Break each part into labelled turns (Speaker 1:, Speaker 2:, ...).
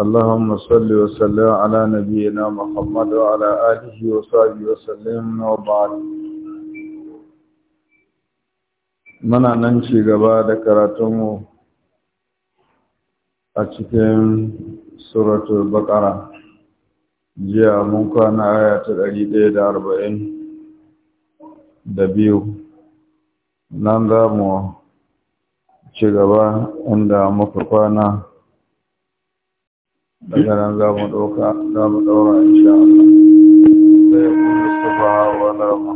Speaker 1: اللهم صل وسلم على نبينا
Speaker 2: محمد وعلى آله وصحبه وسلم وبعد
Speaker 1: muna nan cigaba da karatunmu a cikin suratul baqara jiya mun kwana aya ta ɗari ɗaya da arba'in da biyu nan za mu ci gaba inda muka
Speaker 2: بذلك ذا مدوكا ذا مدورا إن شاء الله سيكون مصطفى ونرمى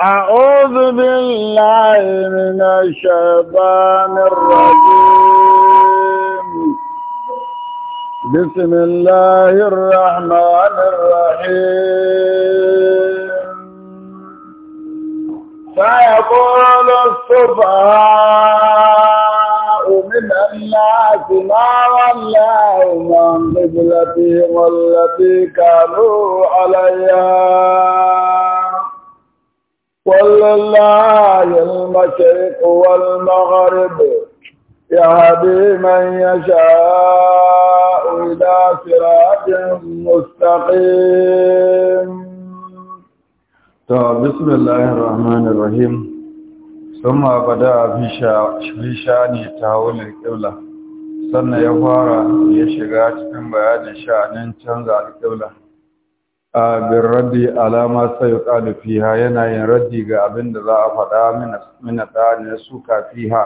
Speaker 2: أعوذ بالله من الشيطان الرجيم بسم الله الرحمن الرحيم فيقول الصفاء من الناس ما ولاهم عن قبلتهم التي كانوا عليها ولله المشرق والمغرب يهدي من يشاء إلى صراط مستقيم
Speaker 1: to bismillahir rahmanir rahim thumma bada fi shani tahawul qibla sannan ya fara ya shiga cikin bayanin shanin canza alqibla a bin raddi alama sai fiha yana yin radi ga abin da za a faɗa mina ɗani suka fiha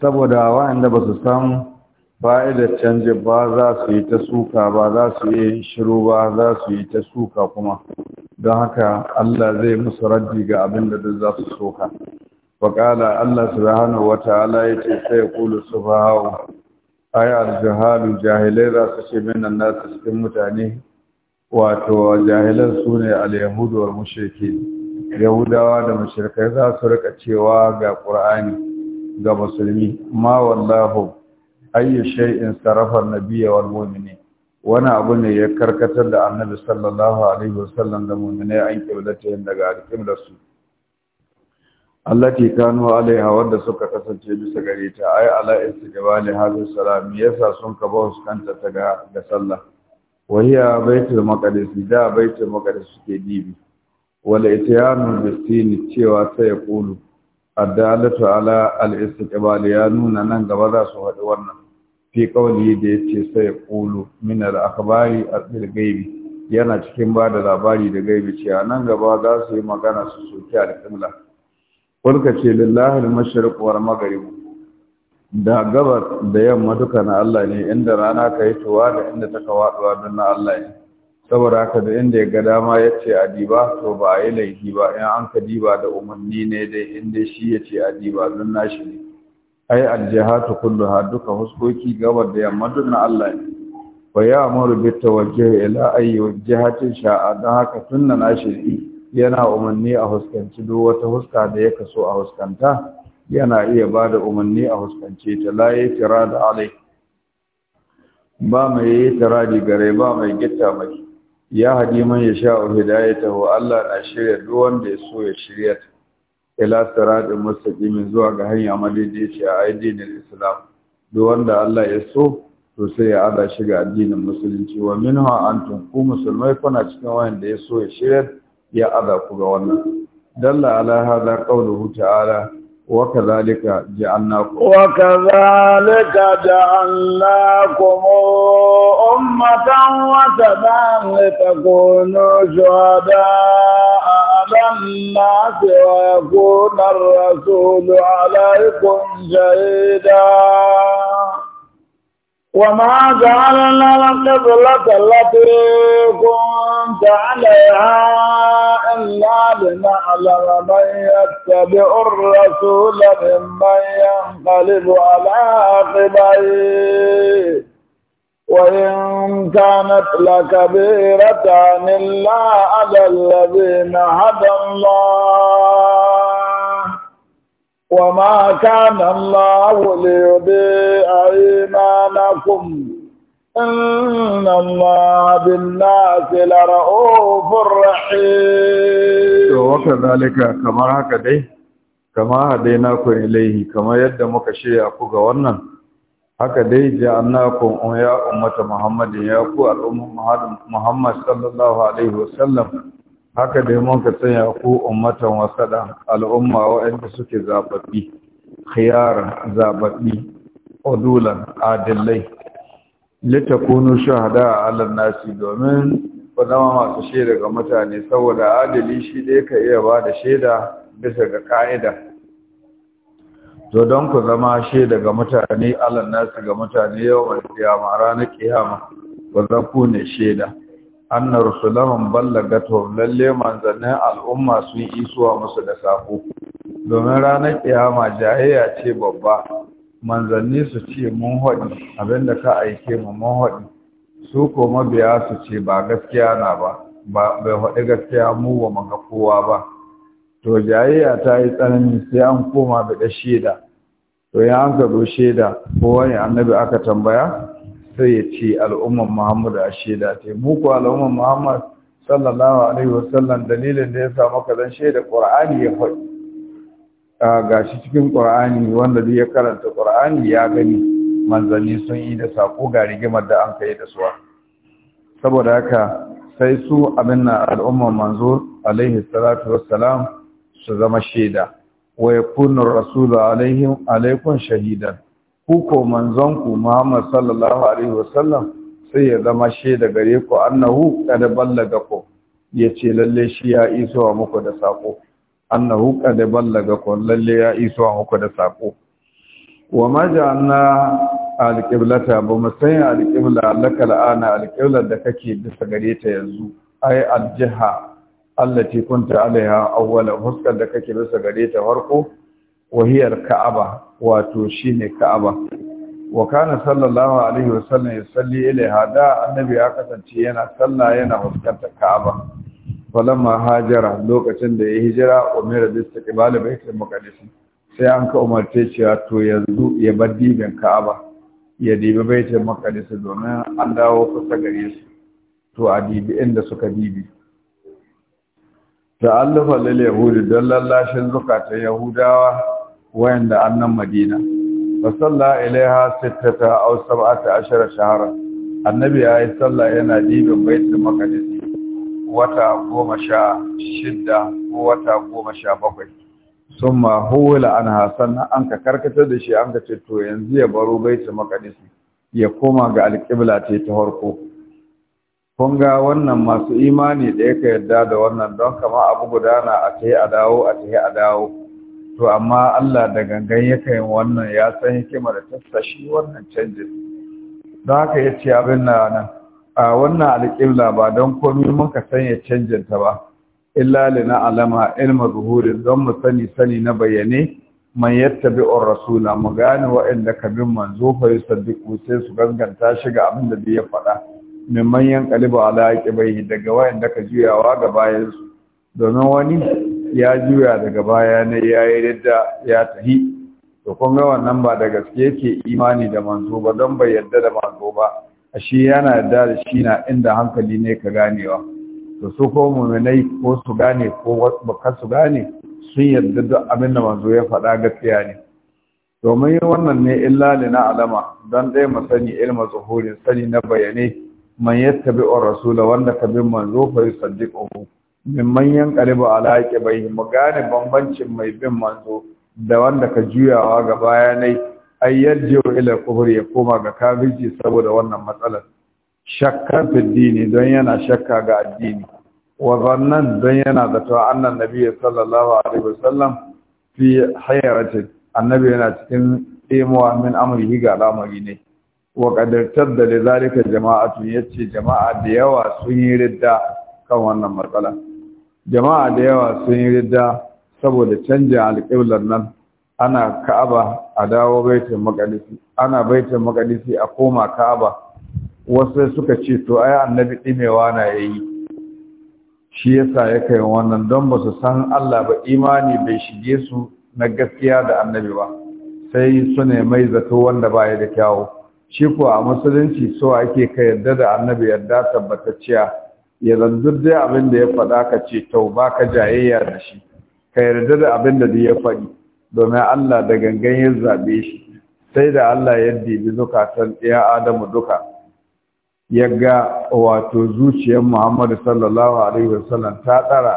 Speaker 1: saboda waɗanda ba su samu fa'idar canji ba za su yi ta suka ba za su yi shiru ba za su yi ta suka kuma don haka Allah zai musu raddi ga abin da duk za su soka faƙala Allah su rahana wa ta'ala ya ce sai ya kulu su fahawo Ai aljihalu jahilai za su ce minan su cikin mutane wato jahilan su ne al wal yahudawa da mushrikai za su rika cewa ga qur'ani ga musulmi ma wallahu ayyu shay'in sarafa nabiyya wal mu'mini wani abu ne ya karkatar da annabi sallallahu alaihi wasallam da mu'minai an ta yin daga al'ummar su allati kanu alaiha wanda suka kasance bisa gare ta ay ala istiqbali hadhihi salam yasa sun ka ba su ta daga ga sallah wa hiya baitul maqdis da baitul maqdis suke dibi wal ityanu bisini cewa sai ya kulu adalatu ala al istiqbal ya nuna nan gaba za su haɗu wannan fi kawali da yace sai qulu min al-akhbari al gaibi, yana cikin ba da labari da gaibi a nan gaba za su yi magana su soki al-qibla kulka ce lillahi al-mashriq wal maghrib da gabar da yamma duka na Allah ne inda rana ka yi tuwa da inda ta kawaduwa don na Allah ne saboda haka da inda ya ga dama ya ce a diba to ba a yi laifi ba in an ka diba da umarni ne dai inda shi ya ce a diba don nashi ne ai aljihatu kulluha duka huskoki gabar da yamma duk na Allah ne wa amuru bi tawajjuh ila ayyi wajhatin sha'a dan haka tunna na yana umarni a huskanci duk wata huska da ya kaso a huskanta yana iya ba da umarni a huskance ta la yatira da alai ba mai yatira gare ba mai gitta mai ya hadi man ya sha'u hidayatahu Allah na shirya duk wanda ya so ya shirya ta ila siratin mustaqim zuwa ga hanya madaidaici a addinin Islam duk wanda Allah ya so to sai ya ada shi ga addinin musulunci wa minha antum ku musulmai kuna cikin wanda ya so ya shirya ya ada ku ga wannan dalla ala hadha qawluhu ta'ala وكذلك جعلناكم وكذلك
Speaker 2: ummatan wa وسبا لتكونوا شهداء على الناس ويكون الرسول عليكم شهيدا وما جعلنا القبلة التي كنت عليها إلا لنعلم من يتبع الرسول ممن ينقلب على عقبيه وإن كانت لكبيرة إلا على الذين هدى الله وما كان الله ليضيع إيمانكم
Speaker 1: إن
Speaker 2: الله بالناس لرؤوف رحيم
Speaker 1: وكذلك كما هكذا كما هديناكم إليه كما يد مكشي أقوى ونن haka dai ja'annakum ya ummata muhammadin ya ku al'umma muhammad sallallahu alaihi wasallam haka dai mun ka tsaya ku ummatan wasada al'umma wa'anda suke zababbi khiyar zababbi udulan adillai litakunu shahada ala nasi domin ku masu shaida ga mutane saboda adali shi dai ka iya ba da shaida bisa ga ka'ida to don ku zama shi daga mutane alan nasu ga mutane yawan kiyama ranar kiyama ku zan ku ne shaida anna rusulahum Gato, lalle manzannin al'umma sun isuwa musu da sako domin ranar kiyama jayayya ce babba manzanni su ce mun haɗi abinda ka aike mu mun haɗi su ko mabiya su ce ba gaskiya na ba bai haɗi gaskiya mu ba maka kowa ba to jayayya ta yi tsanani sai an koma da shaida to ya an ka shaida ko wani annabi aka tambaya sai ya ce al'umman muhammadu a shaida ta mu ko al'umman muhammad sallallahu alaihi wasallam dalilin da ya sa maka dan shaida qur'ani ya faɗi ga shi cikin qur'ani wanda duk ya karanta qur'ani ya gani manzanni sun yi da sako ga rigimar da an kai da suwa saboda haka sai su abin al'umman manzo alaihi salatu wassalam su zama shaida wa yakunu rasulu alaihim alaikum shahidan ku manzon ku Muhammad sallallahu alaihi wasallam sai ya zama shaida gare ku annahu kad ballaga ku yace lalle shi ya iso muku da sako annahu kad ballaga ku lalle ya iso muku da sako wa ma ja'alna alqiblata ba mu alqibla lakal ana alqibla da kake bisa gare ta yanzu ai aljiha allati kunta alaiha awwala fuskar da kake bisa gare ta farko wahiyar ka'aba wato shine ka'aba wa kana sallallahu alaihi sallam yusalli ilaiha da annabi ya kasance yana sallah yana huskar ta ka'aba falamma hajara lokacin da ya hijira Umar umira bi istiqbal baitul maqdis sai an ka umarce cewa to yanzu ya bar dibin ka'aba ya dibi baitul makanisi domin an dawo kusa gare su to a dibi inda suka dibi ta'allufa lil yahudi don lallashin zukatan yahudawa wayanda annan madina fa salla ilaiha sittata aw sab'ata ashara shahara annabi yayi salla yana dibin baitul maqdis wata goma sha shidda ko wata goma sha bakwai sun ma an hasan an ka karkatar da shi an ka ce to yanzu ya baro baitul maqdis ya koma ga alƙibla ta farko kun ga wannan masu imani da yake yadda da wannan don kama abu gudana a ce a dawo a ce a dawo to amma Allah da gangan yake yin wannan ya san hikima da tassa shi wannan canjin don haka ya ce abin na nan a wannan alƙibla ba don komi muka sanya canjin ta ba illa na alama ilmu zuhuri don mu sani sani na bayyane man yattabi rasula mu gane wa'anda kabin manzo fa yusaddiqu sai su ganganta shi ga abin da bai faɗa min manyan kalibu ala bai daga wayan da ka juyawa ga bayansu domin wani ya juya daga baya ne ya yi yadda ya tahi to kun ga wannan ba da gaske yake imani da manzo ba don bai yadda da manzo ba a shi yana yadda da shi na inda hankali ne ka ganewa to su ko muminai ko su gane ko baka su gane sun yadda da abin da manzo ya faɗa gaskiya ne domin wannan ne illa na alama don ɗaya mu sani ilma zuhurin sani na bayanai. man yattabi'ur rasula wanda ka bin manzo fa yusaddiquhu min man yanqalibu ala aqibihi mu gane bambancin mai bin manzo da wanda ka juyawa ga bayanai ayyajju ila kufri ya koma ga kafirci saboda wannan matsalar Shakkar fi dini don yana shakka ga addini wa zannan don yana zato annan nabi sallallahu alaihi wasallam fi hayrati annabi yana cikin tsimuwa min amrihi ga lamari ne wa kadartar da tun ya yace jama'a da yawa sun yi ridda kan wannan matsala jama'a da yawa sun yi ridda saboda canja alƙiblar nan ana ka'aba a dawo baitul maqdisi ana a koma ka'aba wasu suka ce to ai annabi dimewa na yayi shi yasa ya kai wannan don ba su san Allah ba imani bai shige su na gaskiya da annabi ba sai su ne mai zato wanda baya da kyawu shi ko a musulunci so ake ka yarda da annabi yarda tabbatacciya ya zanzu dai abin da ya faɗa ka ce tauba ka jayayya da shi ka yarda da abin da ya faɗi domin Allah da gangan ya zaɓe shi sai da Allah ya dibi zukatan ɗaya Adamu duka Yaga, wato zuciyar Muhammadu sallallahu alaihi wasallam ta tsara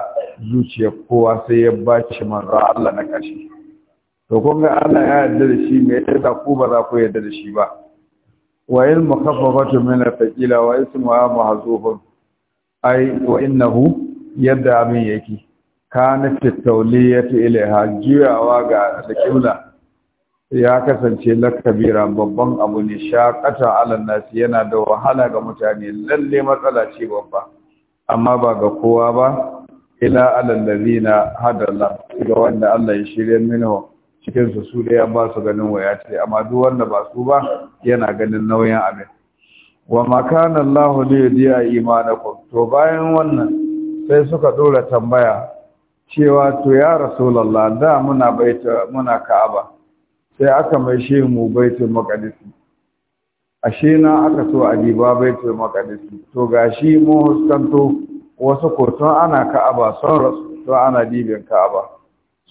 Speaker 1: zuciyar kowa sai ya ba shi manzo Allah na ƙarshe to kun Allah ya yarda da shi me yasa ku ba za ku yarda da shi ba wa in mukhaffafatu min al-thaqila wa ismuha mahzufun ai wa innahu yadda abin yaki kana tattauliyatu ilaiha juyawa ga al ya kasance lakabira babban abu ne shakata alan nasi yana da wahala ga mutane lalle matsala ce babba amma ba ga kowa ba ila alal ladina hadalla ga wanda Allah ya shirye minhu cikin su su dai an ba su ganin waya ce amma duk wanda ba su ba yana ganin nauyin abin wa makana Allah ya yudiya imanakum to bayan wannan sai suka dora tambaya cewa to ya rasulullah da muna baita muna ka'aba sai aka mai shi mu baitul maqdis ashe na aka so a diba baitul maqdis to gashi mu huskanto wasu kurtun ana ka'aba son rasu to ana dibin ka'aba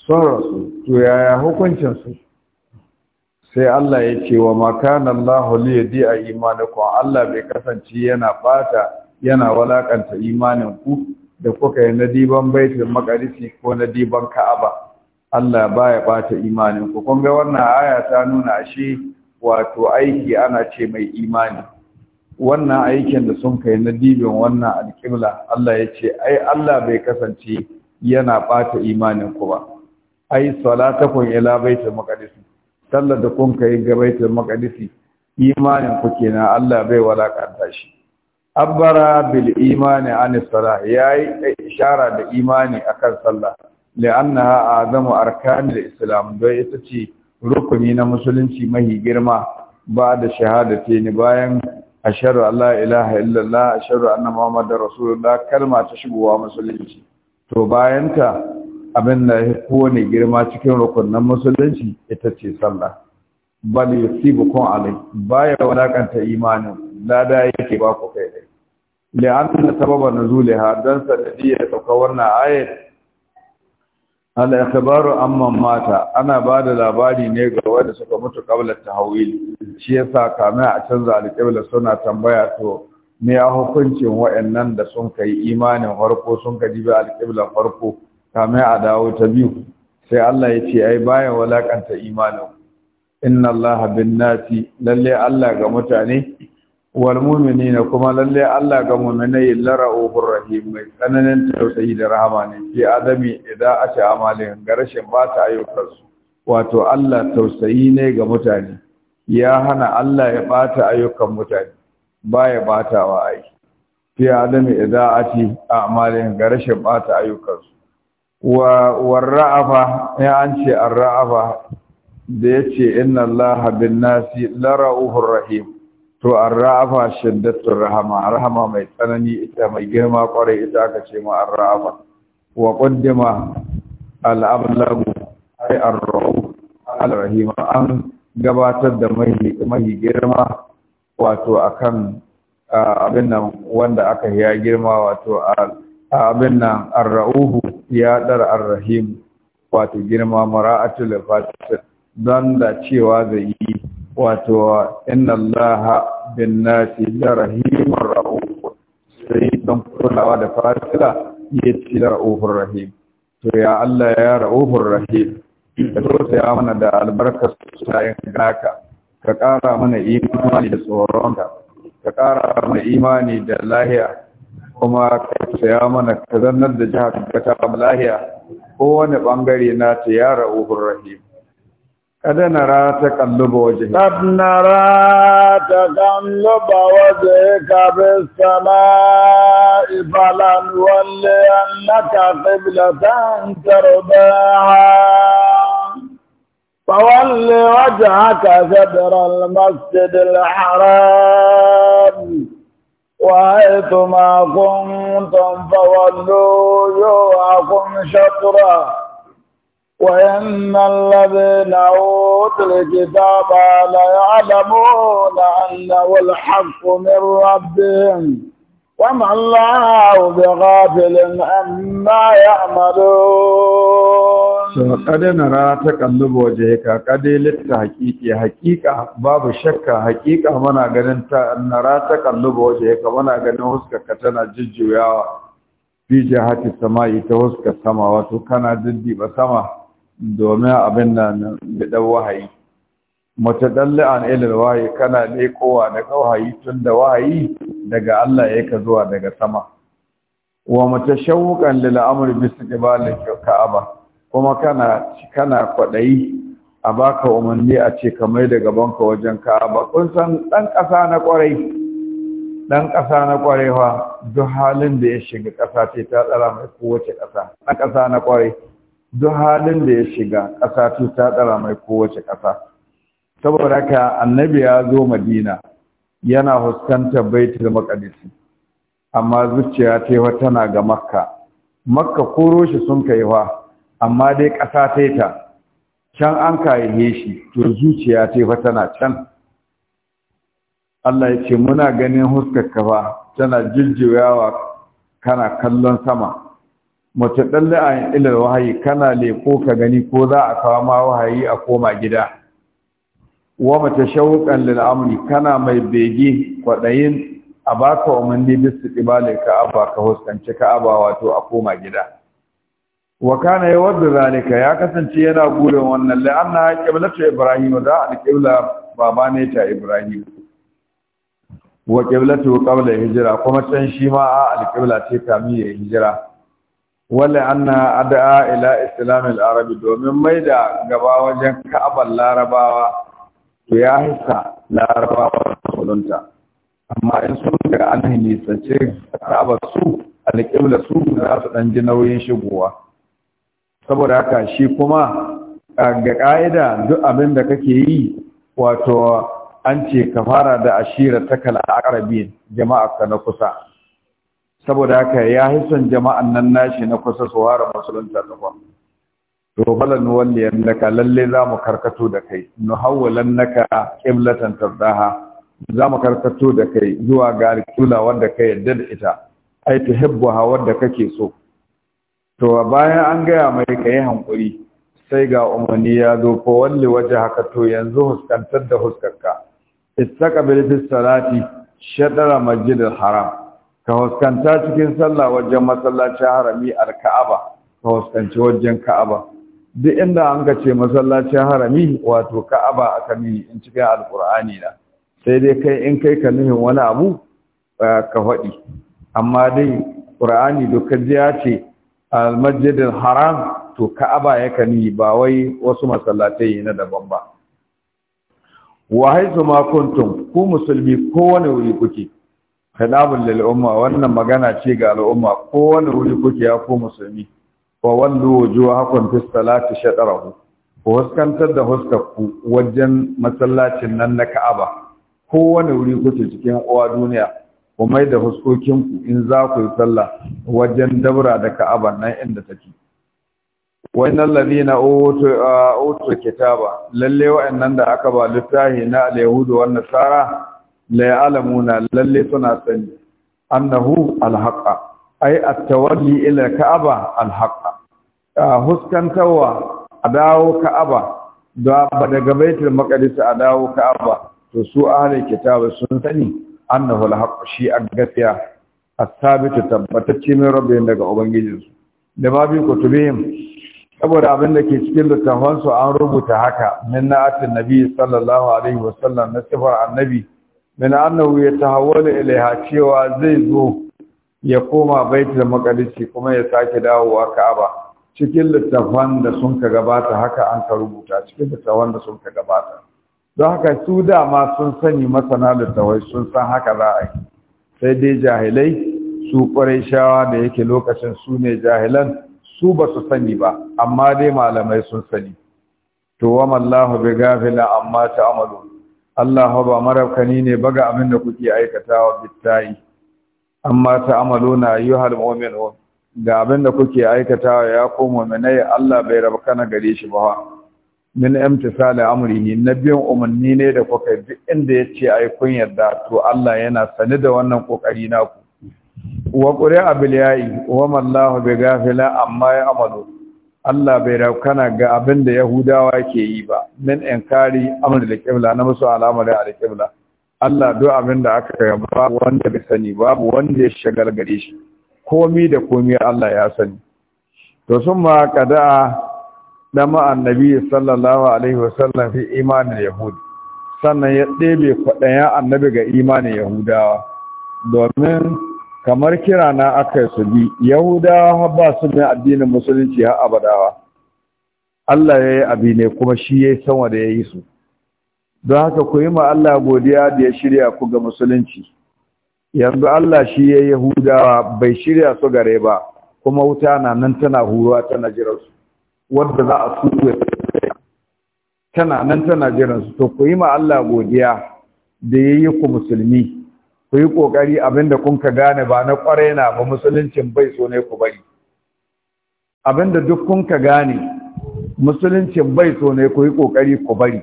Speaker 1: sun rasu to yaya su. sai Allah ya ce wa makana Allah li a ku. Allah bai kasance yana bata yana walakanta imanin ku da kuka yi nadiban baitul maqdisi ko na diban ka'aba Allah baya bata imanin ku kun ga wannan aya ta nuna shi wato aiki ana ce mai imani wannan aikin da sun kai na dibin wannan alƙibla Allah ya ce ai Allah bai kasance yana bata imanin ku ba ai salatakum ila baitul maqdis sallar da kun kai ga baitul maqdis imanin ku kenan Allah bai walakanta shi abbara bil imani an salah yayi ishara da imani akan sallah li'annaha azamu arkanil islam dai ita ce rukuni na musulunci mahi girma ba da shahadati ne bayan asharu Allah ilaha illallah asharu anna muhammadar rasulullah kalma ta shigowa musulunci to bayan ta. abin da kowane girma cikin rukunan musulunci ita ce sallah bal bukun alai baya wadakanta imanin lada yake ba ku kai dai li'anna sababa don dan ya sauka wannan ayat al ikhbaru amma mata ana ba da labari ne ga wanda suka mutu qabla tahwil shi yasa kamar a canza alƙibla suna tambaya to me ya hukuncin waɗannan da sun kai imanin farko sun ka jibi alqibla farko kamar a dawo ta biyu sai Allah ya ce ai baya walakanta imanin inna Allah bin nasi lalle Allah ga mutane wal mu'minina kuma lalle Allah ga mu'minai lara'uhur rahim mai tsananin tausayi da rahama ne ke adami idan a ce amalin ga rashin ba ta su. wato Allah tausayi ne ga mutane ya hana Allah ya bata ayyukan mutane baya batawa ai fi adami idan a ce amalin ga rashin bata su. wa warra'afa ya an ce arra'afa da yace inna allaha bin nasi lara'ufur rahim to arra'afa shiddatur rahama rahama mai tsanani ita mai girma kwarai ita aka ce ma arra'afa wa qaddima al-ablagu ay ar-ra'uf al-rahim an gabatar da mahi girma wato akan abin nan wanda aka ya girma wato al abin nan arra'uhu ya dar arrahim wato girma mara'atul fatir don da cewa zai yi wato inna allaha bin nasi da rahimar ra'uhu sai don kulawa da fatila ya ci da ra'uhun rahim to ya allah ya ra'uhun rahim ka tausaya mana da albarkar sunayen gaka? ka ƙara mana imani da tsoronka ka ƙara mana imani da lahiya kuma tsaya mana ka da jihar kata lahiya koWani ɓangare na ta yara uhur rahim kada na ra ta kallu ba waje kad na ra ta kallu ba waje ka bi
Speaker 2: sama ibalan walle annaka qibla tan tarba fawalli wajhaka sadra al masjid al haram وحيث كنتم فولوا شطرا وإن الذين أوتوا الكتاب ليعلمون أنه الحق من ربهم وما الله بغافل عما يعملون
Speaker 1: قد نرى تقلب وجهك قد للتحقيق حقيقة باب شك حقيقة منا غنن نرى تقلب وجهك منا غنن حسكك تنا ججويا في جهة السماء تحسك السماء وتكنا جدي بسما دوما أبنا بدو وحي an ilal wahayi kana lekowa da wahayi tun da wahayi daga Allah ka zuwa daga sama wa shawukan lil amri bi istiqbalil ka'aba kuma kana kana kwaɗayi a baka umarni a ce ka mai da gabanka wajen ka'aba kun san dan ƙasa na kwarai dan ƙasa na duk halin da ya shiga ƙasa ce ta tsara mai kowace ƙasa dan ƙasa na kwarai duk halin da ya shiga ƙasa ce ta tsara mai kowace ƙasa saboda haka annabi ya zo madina yana huskantar baitul maqdis amma zuciya ta yi tana ga makka makka ko roshi sun kai wa amma dai ƙasa ta ta can an kayaye shi to zuciya ta yi tana can Allah ya ce muna ganin huskar kafa tana jujjuyawa kana kallon sama Mace a ilal wahayi kana leko ka gani ko za a kawo ma wahayi a koma gida wa mace shauƙan amri kana mai bege kwaɗayin a baka umarni bisu ɗibalin ka'aba ka huskanci ka'aba wato a koma gida wa kana ya wadda zalika ya kasance yana gudun wannan la'anna qiblatu ibrahim da alqibla baba ne ta ibrahim wa qiblatu qabla hijra kuma can shi ma a alqibla ce ta ya hijira wala anna ada'a ila islam al-arabi domin maida gaba wajen ka'abar larabawa to ya hisa larabawa musulunta amma in sun ga an nisance ka'aba su alƙibla su za su ɗan ji nauyin shigowa saboda haka shi kuma ga ƙa'ida duk abin da kake yi wato an ce ka fara da ashira ta kala akarabin jama'a ka na kusa saboda haka ya hison jama'an nan nashi na kusa su fara musulunta da to balan ya naka lalle za mu karkato da kai nu hawalan naka qiblatan tardaha za mu karkato da kai zuwa ga kula wanda ka yarda da ita ai tuhibbuha wanda kake so to bayan an gaya mai kai yi hankuri sai ga umarni ya zo ko walli waje haka to yanzu huskantar da huskarka istaqbil fi salati shadara masjidil haram ka huskanta cikin sallah wajen masallacin harami al-ka'aba ka huskanci wajen ka'aba duk inda an ka ce masallacin harami wato ka'aba aka yi in cikin alkur'ani na sai dai kai in kai ka nuhin wani abu eh, ka faɗi amma dai ƙur'ani dokar jiya ce almajidin haram to ka'aba ya kani ba wai wasu masallatai na daban ba wa haizu ma kuntum ku musulmi kowane wuri kuke khidabul lil wannan magana ce ga al'umma kowane wuri kuke ya ku musulmi wa wallu wujuhakum fi salati shatarahu ku huskantar da huskarku wajen masallacin nan na Ka'aba ko wani wuri kuke cikin uwa duniya ku mai da huskokinku in za ku yi sallah wajen dabra da Ka'aba nan inda take wayannan ladina utu uh, kitaba lalle wayannan da aka ba littahi na alyahudu yahudu wan nasara la ya'lamuna lalle suna sani annahu alhaqa. ai attawalli ila ka'aba al-haqqa huskantawa a dawo ka'aba da daga baitul maqdis a dawo ka'aba to su ahli kitab sun sani annahu al shi agafiya gafiya tabbatacce min rabbihim daga ubangijinsu da babu kutubihim saboda abin da ke cikin littafan su an rubuta haka min na'atin nabi sallallahu alaihi wasallam na sifar annabi min annahu yatahawwalu ilaiha cewa zai zo ya koma baitul maqdisi kuma ya sake dawowa ka'aba cikin littafan da sun ka gabata haka an ka rubuta cikin littafan da sun ka gabata don haka su dama sun sani masana littafai sun san haka za a yi sai dai jahilai su kwarai shawa da yake lokacin su ne jahilan su ba su sani ba amma dai malamai sun sani to wa mallahu bi gafila amma ta amalu Allah ba marabkani ne baga abin da kuke aikatawa bittayi amma ta amalo na yi halmomin ga abin da kuke aikatawa ya koma mu'minai Allah bai rabu kana gare shi ba min imtisali amrihi na biyan umarni ne da kuka duk inda ya ce ai kun yarda to Allah yana sani da wannan kokari naku wa qur'a bil ya'i wa mallahu bi ghafila amma ya amalu Allah bai rabu kana ga abin da Yahudawa ke yi ba min inkari amr da qibla na musu al'amari al qibla Allah duk abin da aka yi babu wanda bai sani babu wanda ya shiga gare shi komi da komi Allah ya sani to sun ma kada dama annabi sallallahu alaihi wasallam fi imanin Yahudi, sannan ya ɗebe kwaɗaya annabi ga imanin yahudawa domin kamar kira na aka su bi yahudawa ba su ne addinin musulunci har abadawa Allah ya yi abi ne kuma shi ya yi sanwa da ya yi su don haka ku yi ma Allah godiya da ya shirya ku ga musulunci yanzu Allah shi ya yahudawa bai shirya su gare ba kuma wuta na nan tana huruwa tana jiransu wadda za a suwe tana nan tana jiransu to ku yi ma Allah godiya da ya yi ku musulmi ku yi ƙoƙari abinda kun ka gane ba na ƙwarai ba musuluncin bai so ne ku bari abinda duk kun ka gane musuluncin bai so ne ku yi ƙoƙari ku bari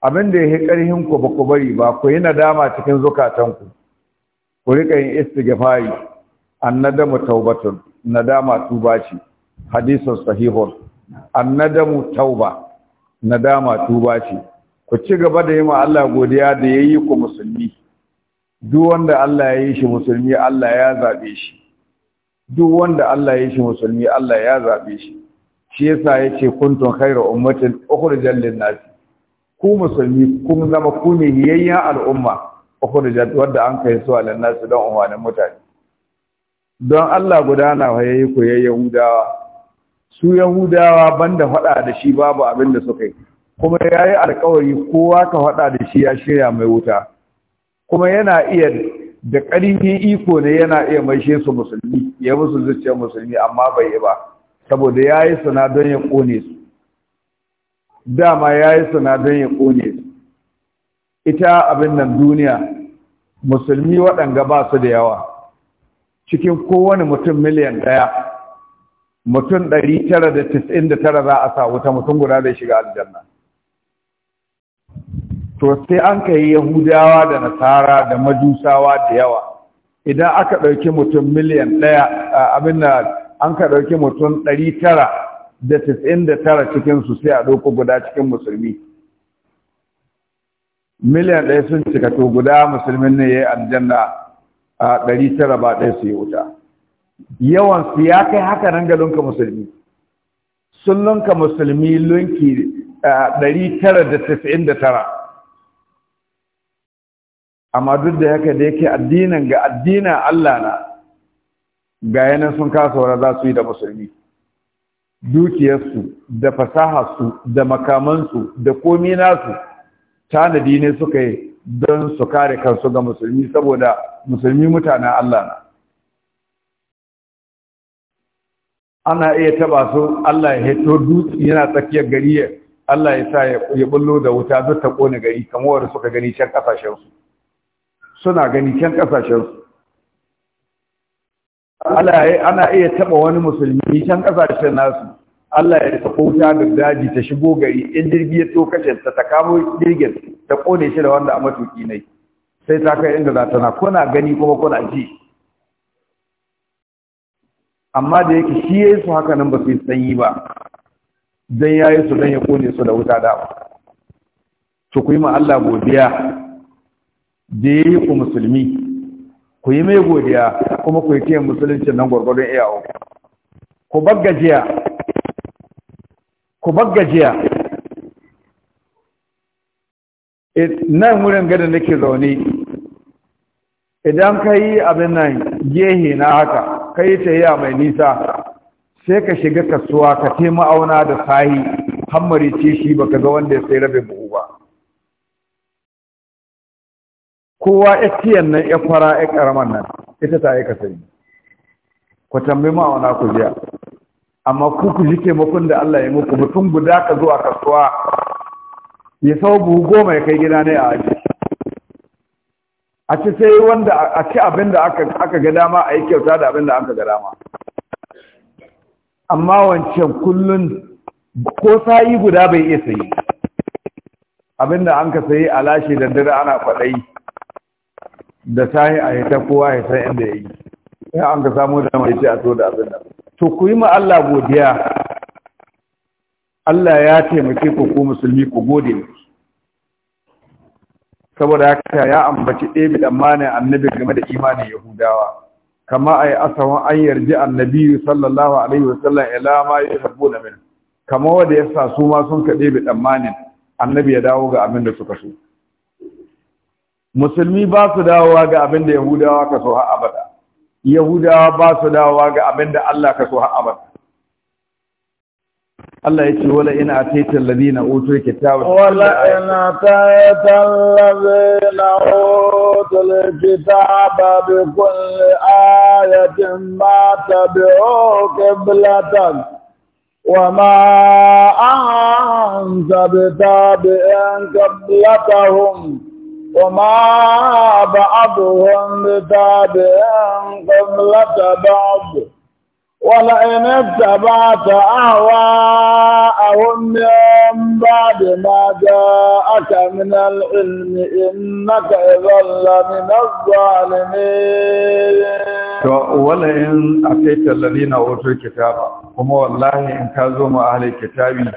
Speaker 1: abin da ya yi ƙarhin ku ba ku bari ba ku yi nadama cikin zukatanku ku rika yin istighfari annadamu taubatun nadama tuba ce hadisun sahihun annadamu tauba nadama tuba ce ku ci gaba da yi ma Allah godiya da ya yi ku musulmi duk wanda Allah ya yi shi musulmi Allah ya zaɓe shi duk wanda Allah ya yi shi musulmi Allah ya zaɓe shi shi yasa yace kuntun khairu ummatin ukhrijal lin ku musulmi kun zama ku ne yayyan al'umma ukhrijat wadda an kai su alan nasu don umarnin mutane don Allah gudana wa yayi ku yayyan Yahudawa su Yahudawa banda faɗa da shi babu abin da suka yi kuma yayi alƙawari kowa ka faɗa da shi ya shirya mai wuta kuma yana iya da ƙarfin iko ne yana iya maishe su musulmi ya musu zuciyar musulmi amma bai yi ba saboda yayi suna don ya kone su dama ya yi suna don ya ƙone su ita abin nan duniya musulmi waɗanga ba su da yawa cikin kowane mutum miliyan ɗaya mutum ɗari tara da tis'in da tara za a sa wuta mutum guda da shiga aljanna to sai an ka yi yahudawa da nasara da majusawa da yawa idan aka ɗauki mutum miliyan ɗaya abin da an ka ɗauki mutum ɗari tara da 99 cikinsu sai a ɗauko guda cikin musulmi miliyan ɗaya sun cika to guda musulmin ne ya yi aljanna a ɗari tara ba ɗaya su yi wuta yawan su ya kai haka nan ga lunka musulmi sun lunka musulmi lunki ɗari tara da tasa'in da tara amma duk da haka da yake addinin ga addinin Allah na ga yanan sun kasa wani za su yi da musulmi dukiyarsu da fasaharsu da makamansu da komi nasu tanadi ne suka yi don su kare kansu ga musulmi saboda musulmi mutanen Allah na ana iya taba su Allah ya hito dutse yana tsakiyar gari Allah ya sa ya bullo da wuta zai ta kone gari kamar suka gani can kasashensu suna gani can kasashensu ana iya taba wani musulmi can kasashen nasu Allah ya tafi wuta da daji ta shigo gari in jirgi ya tso kashe ta ta kamo jirgin ta kone shi da wanda a matuki nai. sai ta kai inda za ta na kuna gani kuma kuna ji amma da yake shi yayi su haka nan ba su yi sanyi ba dan yayi su dan ya kone su da wuta da to ku yi ma Allah godiya da yayi ku musulmi ku yi mai godiya kuma ku yi kiyan musulunci nan gwargwadon iyawo ku baggajiya ku baggajiya e, nan wurin gada nake zaune idan ka yi abin nan gehe na haka ka yi tahiya mai nisa sai ka shiga kasuwa ka taima auna da sahi hammari ce shi baka ga wanda ya sai rabin buhu ba kowa kiyan nan ya fara ya karaman nan ita ta yi sai ku tambayi ma wana ku biya amma ku ku ji taimakon da Allah ya muku mutum guda ka zuwa kasuwa ya sau buhu goma ya kai gida ne a aji a ci sai wanda a ci abin da aka ga dama a yi kyauta da abin da aka ga dama amma wancan kullun ko sa'i guda bai iya sayi abin da an ka sayi a lashe dare, ana kwaɗayi da sai a yi ta kowa ya san inda ya yi in an ka samu da mai ce a so da abin nan to ku yi ma Allah godiya Allah ya taimake ku ku musulmi ku gode mu saboda haka ya ambaci ɗebi tsammanin annabi game da imanin yahudawa kama a yi an yarji annabi sallallahu alaihi wasallam ila ma yi min kama wanda ya sa su ma sun ka ɗebi tsammanin annabi ya dawo ga abin da suka so musulmi ba su dawowa ga abin da yahudawa ka so abada yahudawa ba su dawowa ga abin da Allah ka so abada Allah ya ce wala ina ataita alladhina utul kitaba wala ina
Speaker 2: ataita alladhina utul kitaba bi kulli ayatin ma tabi'u qiblatan وما أنت بتابع قبلتهم وما بعضهم بتابع قبلة بعض ولئن اتبعت أهواءهم من بعد ما جاءك من العلم إنك إذا لمن الظالمين
Speaker 1: to wala in ataita alladhina utul kitaba kuma wallahi in ka zo mu ahli kitabi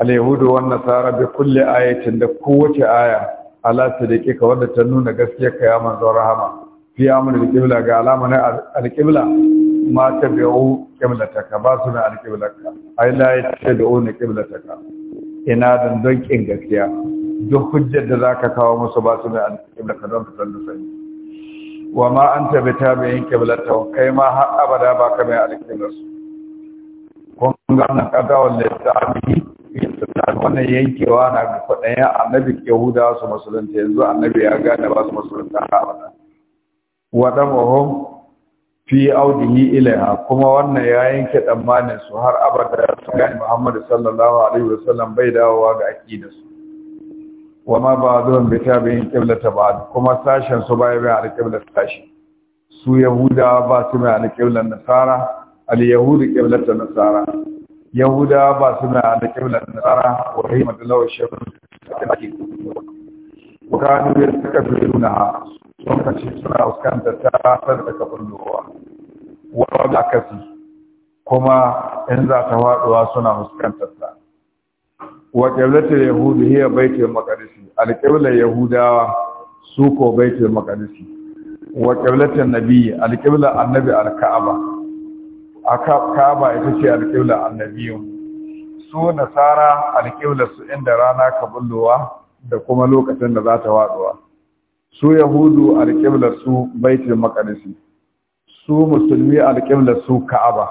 Speaker 1: al-yahudu wan nasara bi kulli ayatin da kowace aya ala sadiqika wanda ta nuna gaskiyar ka ya manzo rahama fi mun alqibla ga alama na alqibla ma ta qiblataka ba su na alqiblaka ai la yatad'u ta qiblataka ina dan don kin gaskiya duk hujjar da zaka kawo musu ba su na ka don ka san wa ma anta bi tabi'in qiblatahu kai ma har abada ba ka mai alqiblarsu kun ga na kada wallahi bi wannan yankewa na ga kwaɗayen annabi yahudawa su musulunta yanzu annabi ya gane ba su musulunta a wannan wadda mahom fi audihi ilaiha kuma wannan ya yanke tsammanin su har abada su gani muhammadu sallallahu alaihi wasallam bai dawowa ga aƙidarsu wa ma ba zuwan bai ta bayin ƙiblata ba kuma sashen su baya bai alƙiblar sashi su yahudawa ba su mai alƙiblar nasara al yahudu ƙiblata nasara yahuda ba suna da kiblar nasara wa rahimar da lawar shafin da ake kanu ya suka fi nuna sun kashe suna fuskantar ta rasar da kafin dowa wa da kasi kuma in za ta faduwa suna fuskantar ta wa qiblatul yahudi hiya baitul maqdis al yahudawa su ko baitul maqdis wa qiblatul nabiy al annabi al-ka'aba a kama ita ce alƙibla annabiyun su nasara alƙibla su inda rana ka bullowa da kuma lokacin da za ta watsuwa su yahudu alƙibla su baitul maqdisi su musulmi alƙibla su ka'aba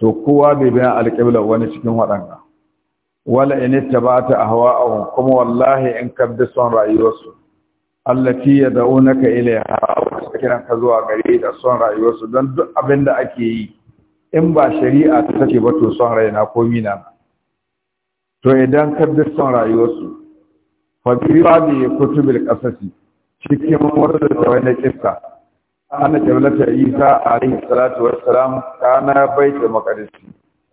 Speaker 1: to kowa bai bayan alƙibla wani cikin waɗanda wala in ta ahwa'u kuma wallahi in kabda son rayuwarsu allati yad'unaka ilayha kiran ka zuwa gare da son rayuwarsu don duk abin da ake yi in ba shari'a ta take ba to son raina ko mina to idan ka bi son rayuwarsu fa bi babi kutubil qasasi cikin wata da ta wani kissa ana kablata isa alaihi salatu wassalam kana baitul maqdis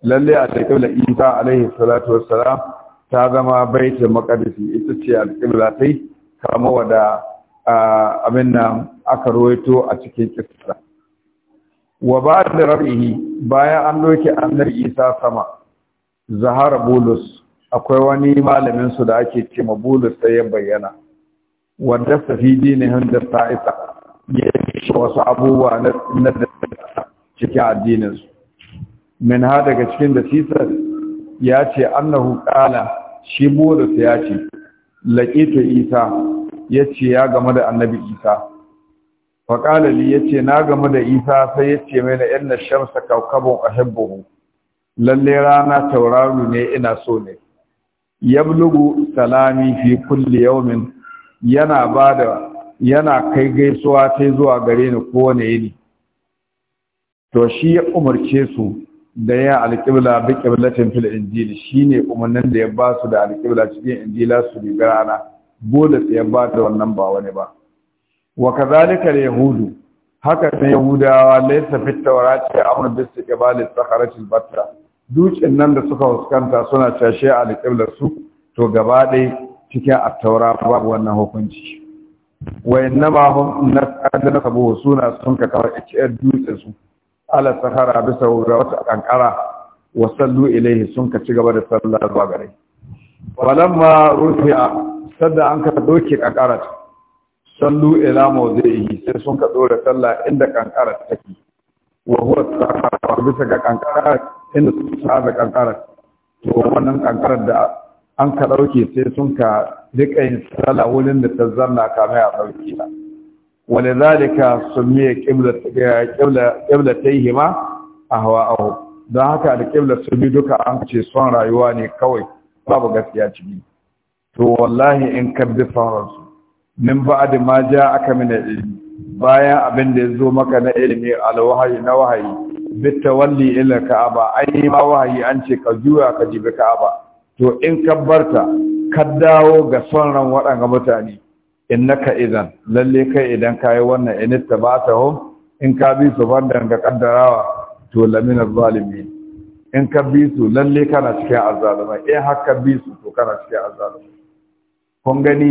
Speaker 1: lalle a da isa alaihi salatu wassalam ta zama baitul maqdis ita ce alqibla tai kama da abin nan aka roito a cikin kisa wa ba da rabihi bayan an doke annar isa sama zahara bulus akwai wani malamin su da ake ce ma bulus sai ya bayyana wanda safi dinin da isa ya shi wasu abubuwa na da cikin addinin su min ha daga cikin da sisar ya ce annahu qala shi bulus ya ce laqitu isa ya ce ya game da annabi isa faƙalali ya ce na game da isa sai yace mai yan na shamsa a hebbohu lalle rana tauraru ne ina so ne yablugu salami fi kulli yawmin yana bada yana kai gaisuwa ta zuwa gare ni kowane yini to shi ya umarce su da ya alƙibla bi ƙiblatin fil injil shine umarnin da ya ba su da alƙibla cikin injila su bi bole sai ya ba da wannan ba wani ba wa kadhalika yahudu haka ne yahudawa laysa fit tawrati amr bis istiqbal as-sakharat al-batta dukin nan da suka huskanta suna cashe alƙibla su to gaba dai cikin attaura ba wannan hukunci wa innama hum sabu suna sun ka kawai dutsen su ala sahara bisa ga wata kankara wa sallu ilaihi sun ka ci gaba da sallah zuwa gare falamma rufi'a sadda an ka doke kankara sallu ila mawdi'ihi sai sun ka dora sallah inda kankara take wa huwa sahara bisa ga kankara inda sahara kankara to wannan kankara da an ka dauke sai sun ka rika yin sallah wurin da ta zanna kamar a dauke ta wale zalika sumiya ƙibla ta yi hima a hawa don haka da ƙibla sun bi duka an ce son rayuwa ne kawai babu gaskiya ciki to wallahi in ka bi min ba'ad ma ja aka mina ilimi bayan abin da ya zo maka na ilimi alwahayi na wahayi bitta walli ila ka'aba ai ma wahayi an ce ka juya ka jibi ka'aba to in ka barta ka dawo ga son ran waɗanga mutane innaka idan lalle kai idan kai wannan initta ba ta hum in ka bi su bandan ga kaddarawa to lamina zalimi in ka bi su lalle kana cikin azzalumai in haka bi su to kana cikin azaluma? kun gani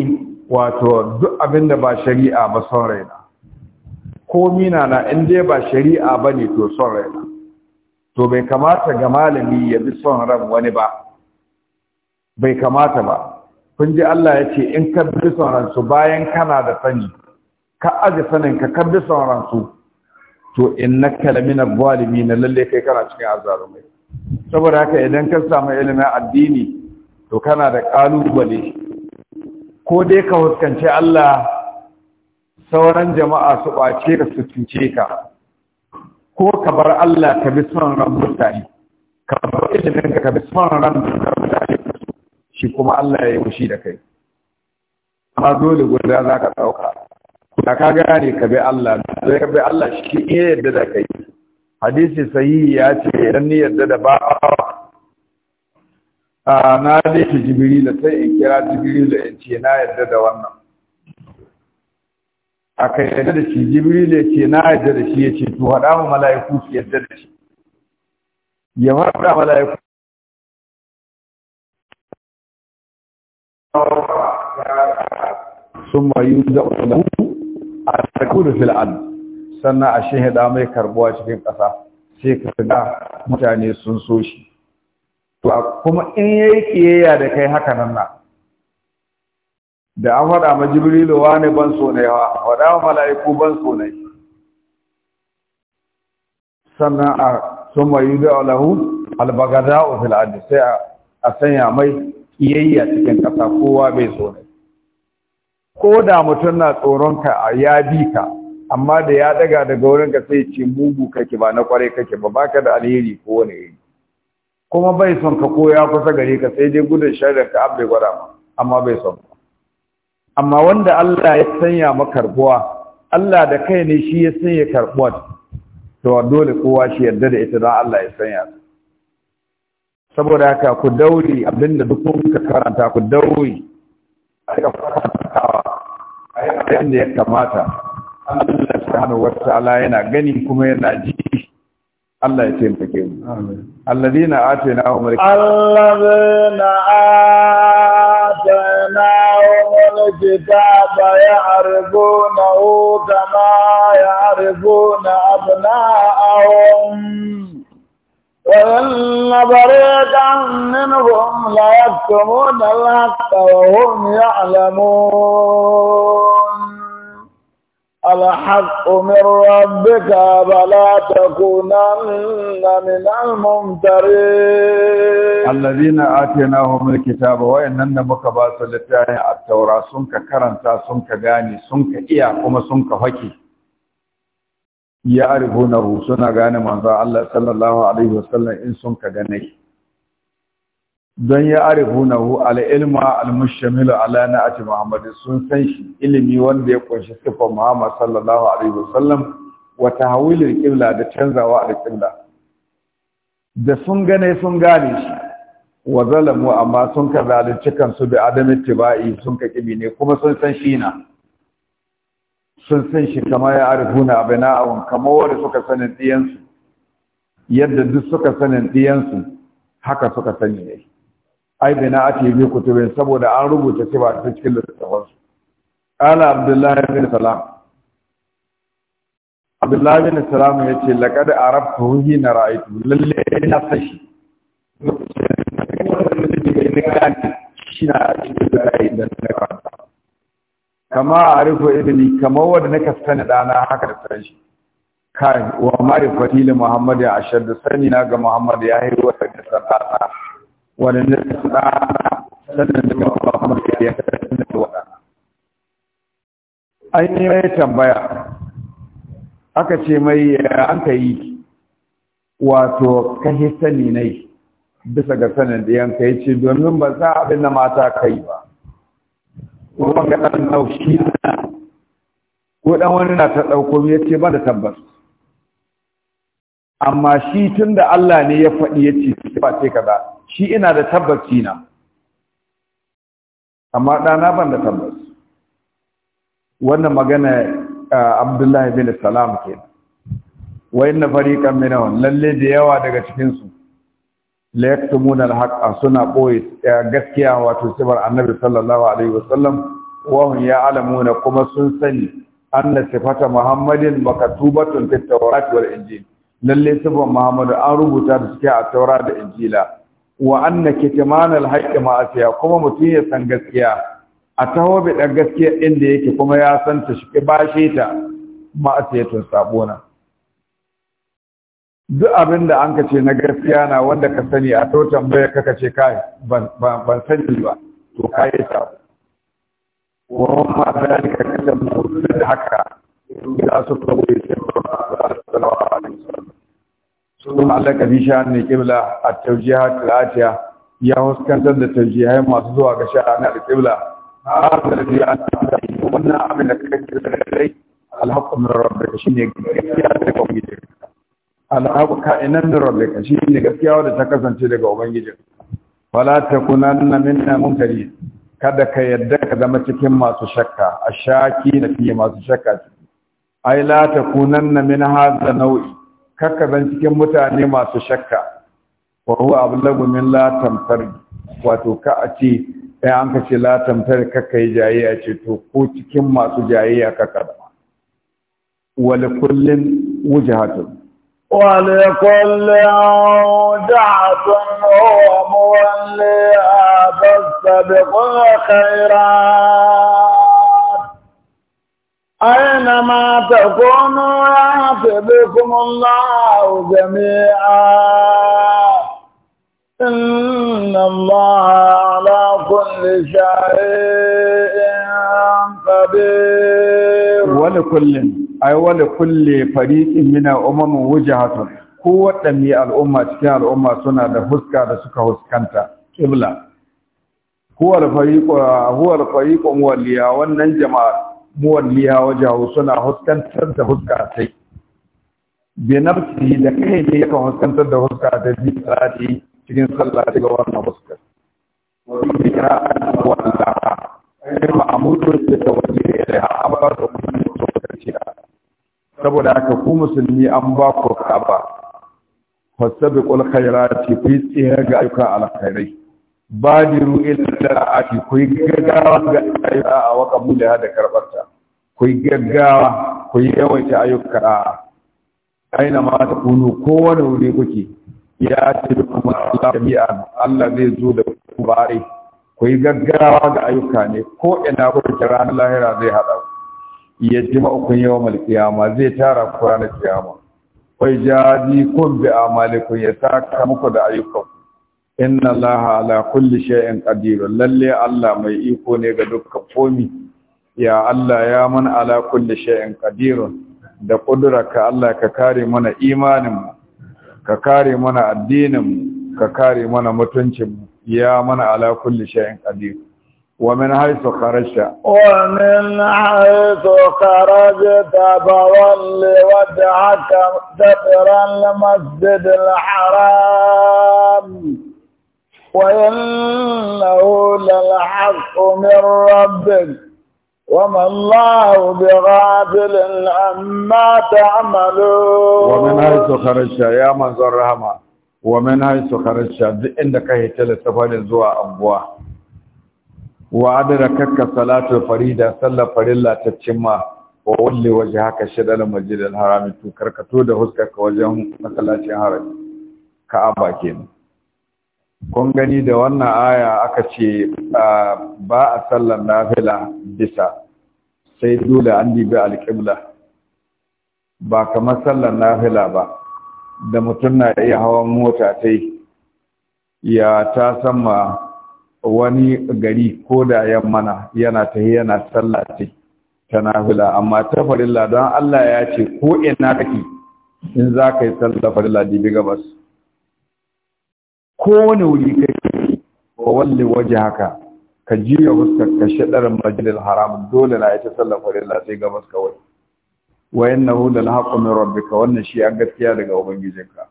Speaker 1: wato duk abin da ba shari'a ba son raina ko mina na in dai ba shari'a bane to son raina to bai kamata ga malami ya bi son ran wani ba bai kamata ba kun ji Allah ya ce in ka bi sauransu bayan kana da sani ka aje sanin ka ka bi sauransu to in na na lamina na lalle kai kana cikin azalumai saboda haka idan ka samu ilimin addini to kana da kalubale ko dai ka huskanci Allah sauran jama'a su ɓace ka su cince ka ko ka bar Allah ka bi sauran mutane ka bar ilimin ka ka bi sauran mutane shi kuma Allah ya yi fushi da kai amma dole guda za ka ɗauka da ka gane ka bi Allah sai ka bi Allah shi iya yadda da kai hadisi sahihi ya ce idan ni yadda da ba a na dai ki jibrila sai in kira jibrila in ce na yadda da wannan A kai yadda da shi jibrila ya ce na yadda da shi ya ce to haɗa mu mala'iku su yadda da shi
Speaker 2: ya faɗa mala'iku
Speaker 1: ثم يوزع له السكون في العدل sannan a shahida mai karbuwa cikin ƙasa sai ka ga mutane sun so shi to kuma in yayi kiyayya da kai haka nan na da an faɗa ma jibrilu wa ne ban so ne wa faɗa ma mala'iku ban so ne sannan a summa yudau lahu albagada'u fil ard sai a sanya mai kiyayya cikin ƙasa kowa bai so ne ko da mutum na tsoron tsoronka ya bi ka amma da ya daga daga wurin ka sai ce mugu kake ba na kwarai kake ba baka da alheri ko wani iri kuma bai son ka ko ya kusa gare ka sai dai gudun shaidar ka abai gwada ma amma bai son ka amma wanda Allah ya sanya makarbuwa, Allah da kai ne shi ya sanya karbuwa to dole kowa shi yarda da ita don Allah ya sanya ta saboda haka ku dauri abinda duk mun ka karanta ku dauri. a ka kafafantawa a yi da ya kamata Allah subhanahu wata'ala yana gani kuma yana ji Allah ya taimake mu alladina atina umar alladina
Speaker 2: atina umar kitaba ya'rifuna kama ya'rifuna abna'ahum وإن بريدا منهم ليكتمون الحق وهم يعلمون الحق من ربك فلا تكونن من
Speaker 1: الممترين الذين آتيناهم الكتاب وإننا مكباس لتاهي التوراة سنك كرنتا سنك غاني سنك إيا كما سنك هكي ya arifunahu suna gane manzan Allah sallallahu alaihi wasallam in sun ka gane don ya na al al’ilma al-mushtamilu ala na'ati Muhammad sun san shi ilimi wanda ya kunshi sifar Muhammad sallallahu alaihi wasallam wata hawilin ƙimla da canzawa a ƙimla. da sun gane sun gane shi wa zalamu amma sun ka zalunci kansu da adamin tiba'i sun ka ƙimi ne kuma sun san shi na sun san shi kamar ya arifuna abina'ahum kama wani suka sanin diyansu yadda duk suka sanin diyansu haka suka sani ne ai bina'ati biyu kutubin saboda an rubuta shi ba ta cikin littafin su qala abdullahi bin salam abdullahi bin salam yace laqad arabtu na ra'aytu lalle ina sashi shi na cikin da ra'ayin da na kama a rufe ibini kamar wanda naka sani dana haka da san shi kai wa ma'rifati li muhammad ya ashaddu sani na ga muhammad ya yi wata da sanata wanda ne sanata sannan da muhammad ya sani da wata an yi mai tambaya aka ce mai an ka yi wato ka sani nai bisa ga sanin da yanka ya ce domin ba za abin da mata kai ba ga ɗan ko ɗan wani na ta ɗauko ya ce ba da tabbas amma shi tun da Allah ne ya faɗi ya ce ba ce kaza shi ina da tabbaci na amma ɗana ban da tabbas wannan magana Abdullahi bin Salam ke wa inna fariqan minhum lalle da yawa daga cikin su la yaktumuna al suna boye eh, gaskiya wato sibar annabi sallallahu alaihi wasallam wa hum ya'lamuna kuma sun sani anna sifata muhammadin maktubatun fit tawrat wal injil lalle sifar muhammadu an rubuta da suke a taura da injila wa anna kitman al-haqqi ma'asiya kuma mutum ya san gaskiya a taho bi da gaskiya inda yake kuma ya san ta shi ba shi ta ma'asiyatun sabona duk abin da an ce na gaskiya na wanda ka sani a to tambaya kaka ce kai ban sani ba to kai ta wa ma ka kada mu da haka da su ka bude shi a alaihi wasallam sun Allah ka bisha ne kibla a tawjihat al ya huskantar da tawjihai masu zuwa ga sha'anin kibla. qibla har da ya wannan abin da kake da rai alhaqqu min rabbika shine gaskiya da kuma gidanka alhaku ka'inan rabbi ka shi ne gaskiya wanda ta kasance daga ubangijin wala takunanna minna munkari kada ka yadda ka zama cikin masu shakka ashaki na fiye masu shakka ai la takunanna min hadha nau'i kakka zan cikin mutane masu shakka wa huwa ablagu min la tamtari wato ka a ce ɗaya eh, an kace la tamtar kakka yi jayayya ce to ko cikin masu jayayya kakka zama wali kullin wujahatun
Speaker 2: ولكل عودعة هو موليها فاستبقوا الخيرات أينما تكونوا يأتي بكم الله جميعا إن الله على كل شيء قدير
Speaker 1: wani kullin ai wani kulle fariƙin mina umamin wujahatun ko waɗanne al'umma cikin al'umma suna da huska da suka huskanta ƙibla huwar fariƙon walliya wannan jama'a muwalliya wajahu suna huskantar da huska sai binafsi da kai ne yakan huskantar da huska da bi tsari cikin sallah daga wannan huskar wani kira an wallaha ai amudu da wajen ilaiha an ba su kuɗi saboda haka ku musulmi an ba ku ka'aba fasabiqul khairati fi tsira ga ayyuka gaggawa ga ayyuka a waka mulaha da karbarta ku gaggawa ku yawaita ayyuka aina ma ta kunu kowane wuri kuke ya ce da kuma Allah Allah zai zo da ku bare ku yi gaggawa ga ayyuka ne ko ina kuka ranar lahira zai hada ku ya ji ma'ukun yau malkiyama zai tara ku na kiyama wai jadi kun bi amalikun ya taka muku da ayyukan inna laha ala kulli shay'in qadir lalle Allah mai iko ne ga dukkan komi ya Allah ya man ala kulli shay'in qadir da kudurarka Allah ka kare mana imanin ka kare mana addinin ka kare mana mutuncin mu يا من على كل شيء قدير ومن حيث خرجت
Speaker 2: ومن حيث خرجت فول وجهك دبر المسجد الحرام وإنه للحق من ربك وما الله بغافل عما تعملون ومن حيث
Speaker 1: خرجت يا منظر رحمه wa man haythu kharajta duk inda ka tala safarin zuwa abuwa wa adara kakka salatu farida sallar farilla ta cimma wa walli waje haka shidal masjid al-haram tu karkato da huska ka wajen masallacin harami ka'aba kenan kun gani da wannan aya aka ce ba a sallar nafila bisa sai dole an dibi alƙibla ba kamar sallar nafila ba da mutum na iya hawan mota tai ya ta sama wani gari ko da mana, yana ta yana sallah ce ta nafila amma ta farilla don Allah ya ce ko ina kake in za ka yi sallah farilla dibi gabas ko wani wuri kai wa walli waje haka ka jiya fuskar ka shaɗar majalil haram dole na ita sallah farilla sai gabas kawai wa innahu lal haqqu min rabbika wannan shi an gaskiya daga ubangijinka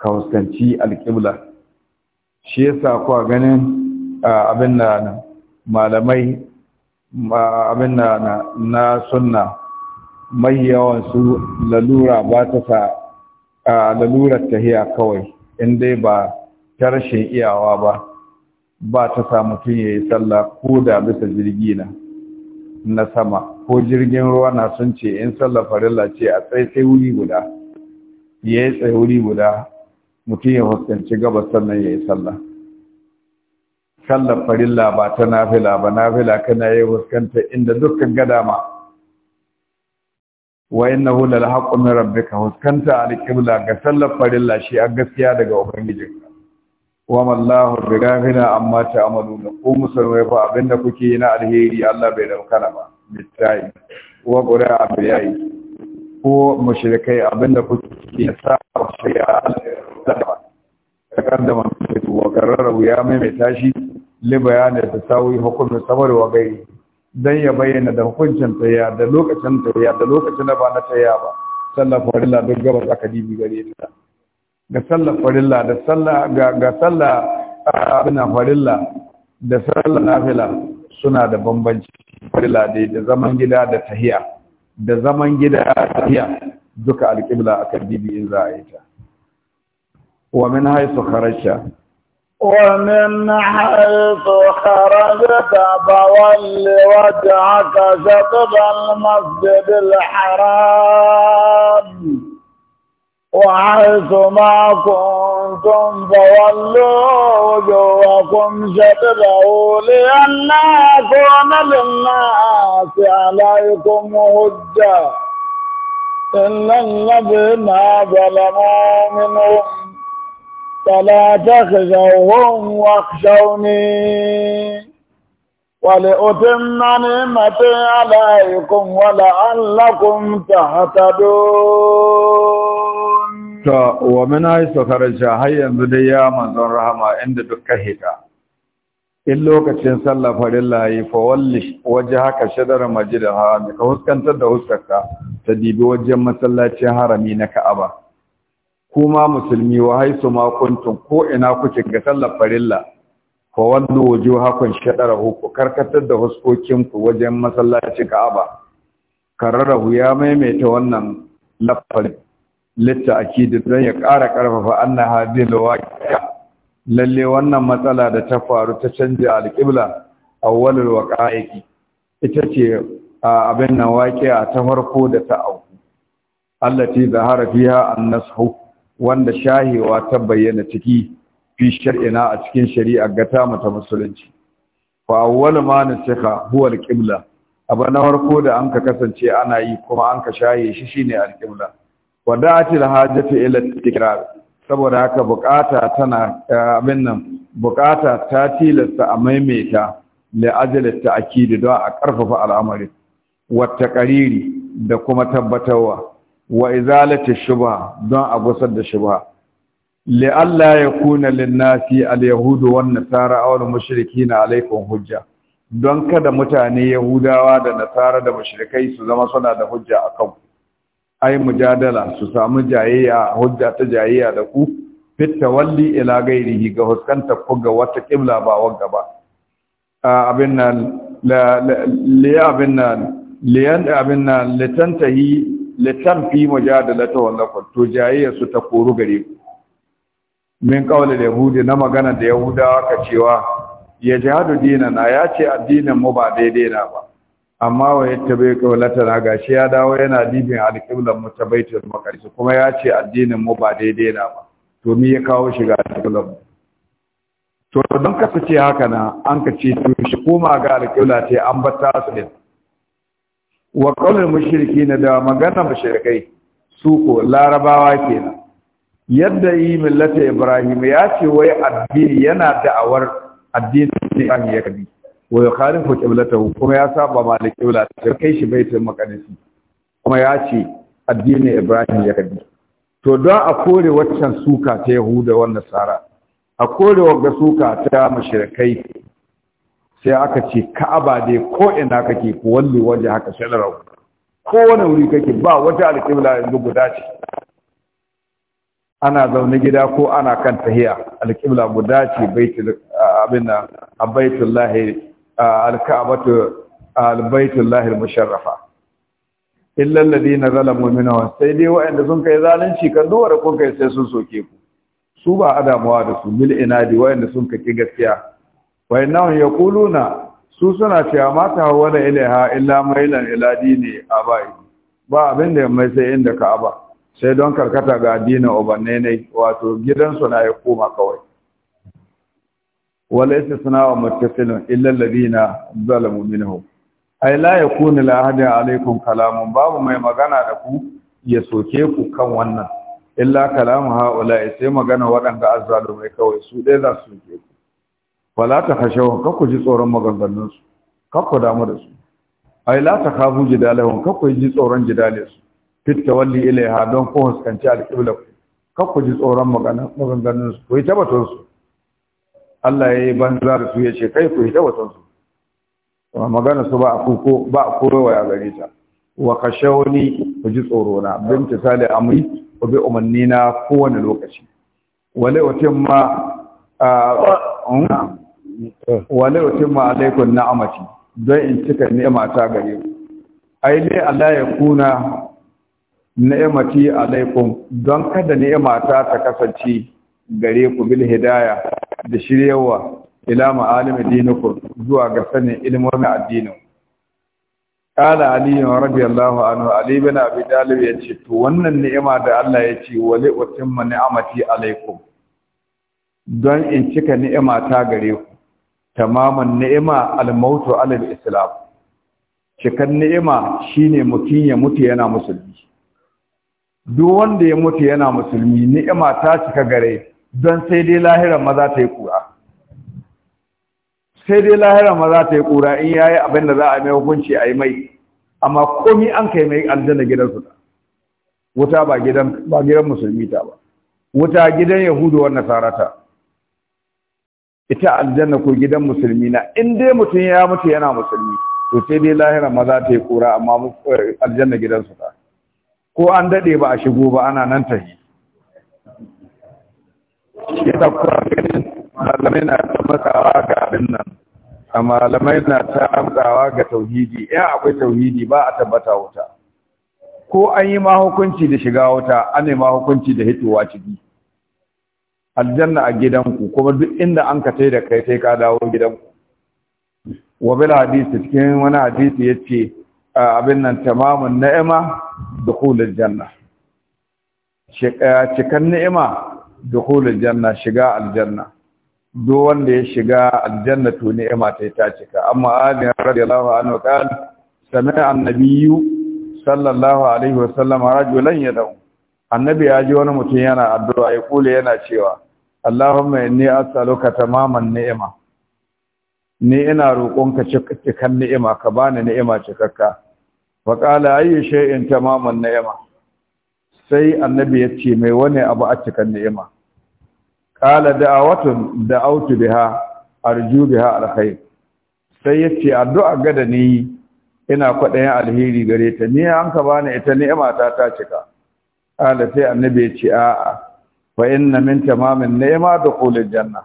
Speaker 1: ka fuskanci alqibla shi yasa ku ganin abin na malamai abin na na sunna mai yawan su lalura ba ta sa lalurar tahiya kawai in dai ba ta rashin iyawa ba ba ta sa mutum ya yi sallah ko da bisa jirgi na sama ko jirgin ruwa na sun ce in sallar farilla ce a tsaye sai wuri guda ya yi tsaye wuri guda mutum ya fuskanci gabas sannan ya yi sallah sallar farilla ba ta nafila ba nafila kana yi fuskanta inda dukkan gada ma. wa innahu lal haqqu min rabbika fuskanta al qibla ga sallar farilla shi a gaskiya daga ubangijinka wa mallahu bighafina amma ta amalu ko musulmai fa abinda kuke yi na alheri Allah bai daukana ba bitai wa qura abiyai ko mushrikai abinda kuke sa shari'a ta kaddama mutu wa wuya ya maimaita shi li bayanin da tasawi hukumin sabar wa gai. dan ya bayyana da hukuncin tsaya da lokacin tsaya da lokacin da ba na tsaya ba sallar farilla duk gabas aka dibi gare ta ga sallar farilla da sallah ga ga sallah abin farilla da sallar nafila suna da bambanci fila dai da zaman gida da tahiya da zaman gida da tahiya duka alƙibla a kan dibi in za a yi ta wa min haisu kharasha
Speaker 2: ومن حيث ba فول وجهك شطر masjidil haram. وحيث ما كنتم فولوا وجوهكم شطره لئلا يكون للناس عليكم هجة إلا الذين ظلموا منهم فلا تخشوهم واخشوني Kwale نعمتي ta hata تهتدون
Speaker 1: ta wa min haisu kharaja har yanzu dai ya manzon rahama inda duka hita in lokacin sallah farilla yi fa walli waje haka shadar majid harami ka huskantar da huskarka ta dibi wajen masallacin harami na Ka'aba kuma musulmi wa haisu ma kuntun, ko ina kuke ga sallar layi fa wajo wujuhakum shadarahu ku karkatar da huskokin ku wajen masallaci Ka'aba kararahu ya maimaita wannan lafazin litta akidin don ya ƙara ƙarfafa anna hadil waqi'a lalle wannan matsala da ta faru ta canja alƙibla awwalul waqa'iki ita ce a abin nan a ta farko da ta auku allati zahara fiha an-nashu wanda shahewa ta bayyana ciki fi shar'ina a cikin shari'a ga ta mata musulunci fa awwal ma nasikha huwa al-qibla abu na farko da an ka kasance ana yi kuma an ka shaye shi shine al-qibla wada'atil hajatu ila tikrar saboda haka bukata tana abin nan bukata ta tilasta a maimaita li ajli ta'kid don a karfafa al'amari wa taqariri da kuma tabbatarwa wa izalati shubha don a gusar da shubha la'alla yakuna lin-nasi al-yahudu wan-nasara aw al-mushrikina alaykum hujja don kada mutane yahudawa da nasara da mushrikai su zama suna da hujja a akan ai mujadala su samu jayayya hujja ta jayayya da ku fit walli ila gairihi ga huskanta ku ga wata kibla ba wanga ba abin nan li abin nan liyan abin nan litantahi litanfi mujadalatu wallakum to jayayya su ta koru gare ku min qawli yahudi na magana da yahudawa ka cewa ya jihadu dinana ya ce addinin mu ba daidai na ba amma wa yattabe na gashi ya dawo yana dibin alqiblan mu ta baitul maqdis kuma ya ce addinin mu ba daidai na ba to me ya kawo shiga alqiblan mu to don ka ce haka na an ka ce to shi koma ga alƙibla ce an bata su ne wa qawlul mushrikin da magana mushrikai su ko larabawa kenan yadda yi millata ibrahim ya ce wai addini yana da'awar addini ibrahim ya kadi wa ya karin ko kiblatahu kuma ya saba malik Qibla ta kai shi baitul maqdis kuma ya ce addini ibrahim ya kadi to don a kore waccan suka ta yahuda wannan sara a kore wagga suka ta mashirikai sai aka ce ka'aba dai ko ina kake ko walli waje haka shalarau ko wani wuri kake ba wata alƙibla yanzu guda ce ana zaune gida ko ana kan tahiya alƙibla guda ce baitul abin abaitul lahi alka'abatu albaitul lahi musharrafa illa alladhina zalamu sai dai wa'anda sun kai zalunci kan duwar kun kai sai sun soke ku su ba adamuwa da su mil inadi wa'anda sun kake gaskiya wa'annahum yaquluna su suna cewa ma ta hawala illa mailan ila dini abai ba abin da mai sai inda aba. sai don karkata ga addinin ubanne ne wato gidansu na ya koma kawai wala suna wa muttasilun illa alladhina zalamu minhu ay la yakunu la ahadin alaikum kalamun babu mai magana da ku ya soke ku kan wannan illa kalamu haula sai magana waɗanda mai kawai su dai za su soke ku wala ta khashaw ka ku ji tsoron maganganun su ka ku damu da su ay la takhafu jidalahum ka ku ji tsoron jidale su fitta walli ilaiha don ko huskanci alƙibla ku kar ku ji tsoron maganganun su ku yi tabbatar su Allah ya yi banza da su ya ce kai ku yi tabbatar su magana su ba a kuko ba a kowa ya gare ta wa kashawni ku ji tsoro na bin tisali amri ku bi umanni na kowane lokaci wale utim ma hmm? wale utim ma alaikum na'amati don in cika ni'ima ta gare ku ai ne Allah ya kuna ni'imati alaikum don kada ni'imata ta kasance gare ku bil hidaya da shiryawa ila ma'alimi dinukum zuwa ga sanin ilmomin addinin kala ali radiyallahu anhu ali bin abi talib ya ce to wannan ni'ima da Allah ya ce wali utim ni'amati alaikum don in cika ni'ima ta gare ku tamaman ni'ima al alal islam cikan ni'ima shine mutum ya mutu yana musulmi duk wanda ya mutu yana musulmi ni'ima ta cika gare don sai dai lahiran maza ta yi kura sai dai lahiran maza ta yi kura in yayi abin da za a mai hukunci a yi mai amma komi an kai mai aljanna gidansu da wuta ba gidan ba gidan musulmi ta ba wuta gidan yahudu wannan sarata ita aljanna ko gidan musulmi na in dai mutum ya mutu yana musulmi to sai dai lahiran maza ta yi kura amma eh, aljanna gidansu ta ko an daɗe ba a shigo ba ana nan tahi yana kuwa ganin malamai na ta matsawa ga abin nan a malamai na ta matsawa ga tauhidi ya akwai tauhidi ba a tabbata wuta ko an yi ma da shiga wuta an yi ma hukunci da hitowa ciki aljanna a gidanku kuma duk inda an ka da kai sai ka dawo gidanku wa bil hadisi cikin wani hadisi yace abin nan tamamun ni'ima dukhulul janna cikan ni'ima dukhulul janna shiga aljanna duk wanda ya shiga aljanna to ni'ima ta ta cika amma ali radiyallahu anhu qala sami'a annabiyyu sallallahu alaihi wasallam rajulan yad'u annabi ya ji wani mutum yana addu'a ya kula yana cewa Allahumma inni as'aluka tamaman ni'ima ni ina roƙonka cikan ni'ima ka bani ni'ima cikakka faƙala shi in tamaman ni'ima sai annabi ya ce mai wani abu a cikin ni'ima qala da'awatun da'awtu biha arju biha alkhair sai ya ce addu'a gada ni ina kwaɗayin alheri gare ta ni an ka bani ita ni'ima ta ta cika qala sai annabi ya ce a'a fa inna min tamamin ni'ima dukhulul janna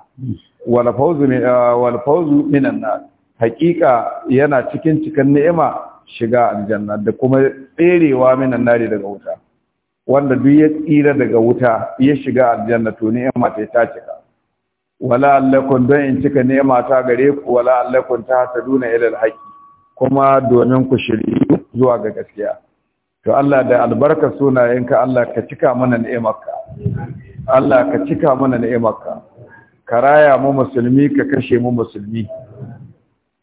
Speaker 1: wal fawzu wal minan nar hakika yana cikin cikin ni'ima shiga aljanna da kuma tserewa minan nari daga wuta wanda duk ya tsira daga wuta ya shiga aljanna to ni'ima ta ta cika wala allakun don in cika ni'ima ta gare ku wala allakun ta nuna ila alhaqi kuma domin ku shiryu zuwa ga gaskiya to Allah da albarka sunayenka Allah ka cika mana ni'imarka Allah ka cika mana ni'imarka ka raya mu musulmi ka kashe mu musulmi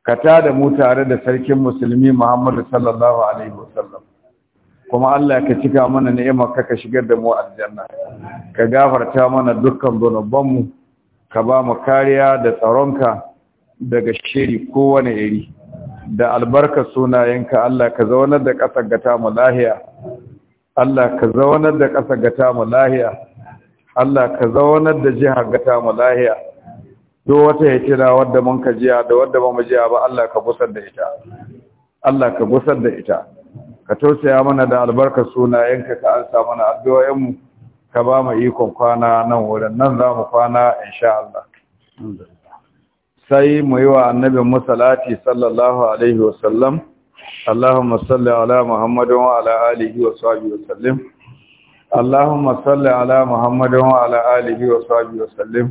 Speaker 1: ka tada mu tare da sarkin musulmi Muhammadu sallallahu alaihi wasallam kuma Allah ka cika mana ni'imar ka ka shigar da mu aljanna ka gafarta mana dukkan zunubanmu ka ba mu kariya da tsaronka daga shiri kowane iri da albarka sunayenka Allah ka zaunar da ƙasar ta mu lahiya Allah ka zaunar da ƙasar ta mu lahiya Allah ka zaunar da jihar gata mu lahiya do wata hitira wadda mun ka jiya da wadda ba mu jiya ba Allah ka gusar da ita Allah ka gusar da ita ka tausaya mana da albarkar sunayenka ka ansa mana addu'o'inmu ka ba mu ikon kwana nan wurin nan za mu kwana insha Allah sai mu yi wa annabi musalati sallallahu alaihi wa sallam, Allahumma salli ala Muhammadin wa ala alihi wa sahbihi wa sallim Allahumma salli ala Muhammadin wa ala alihi wa sahbihi wa sallim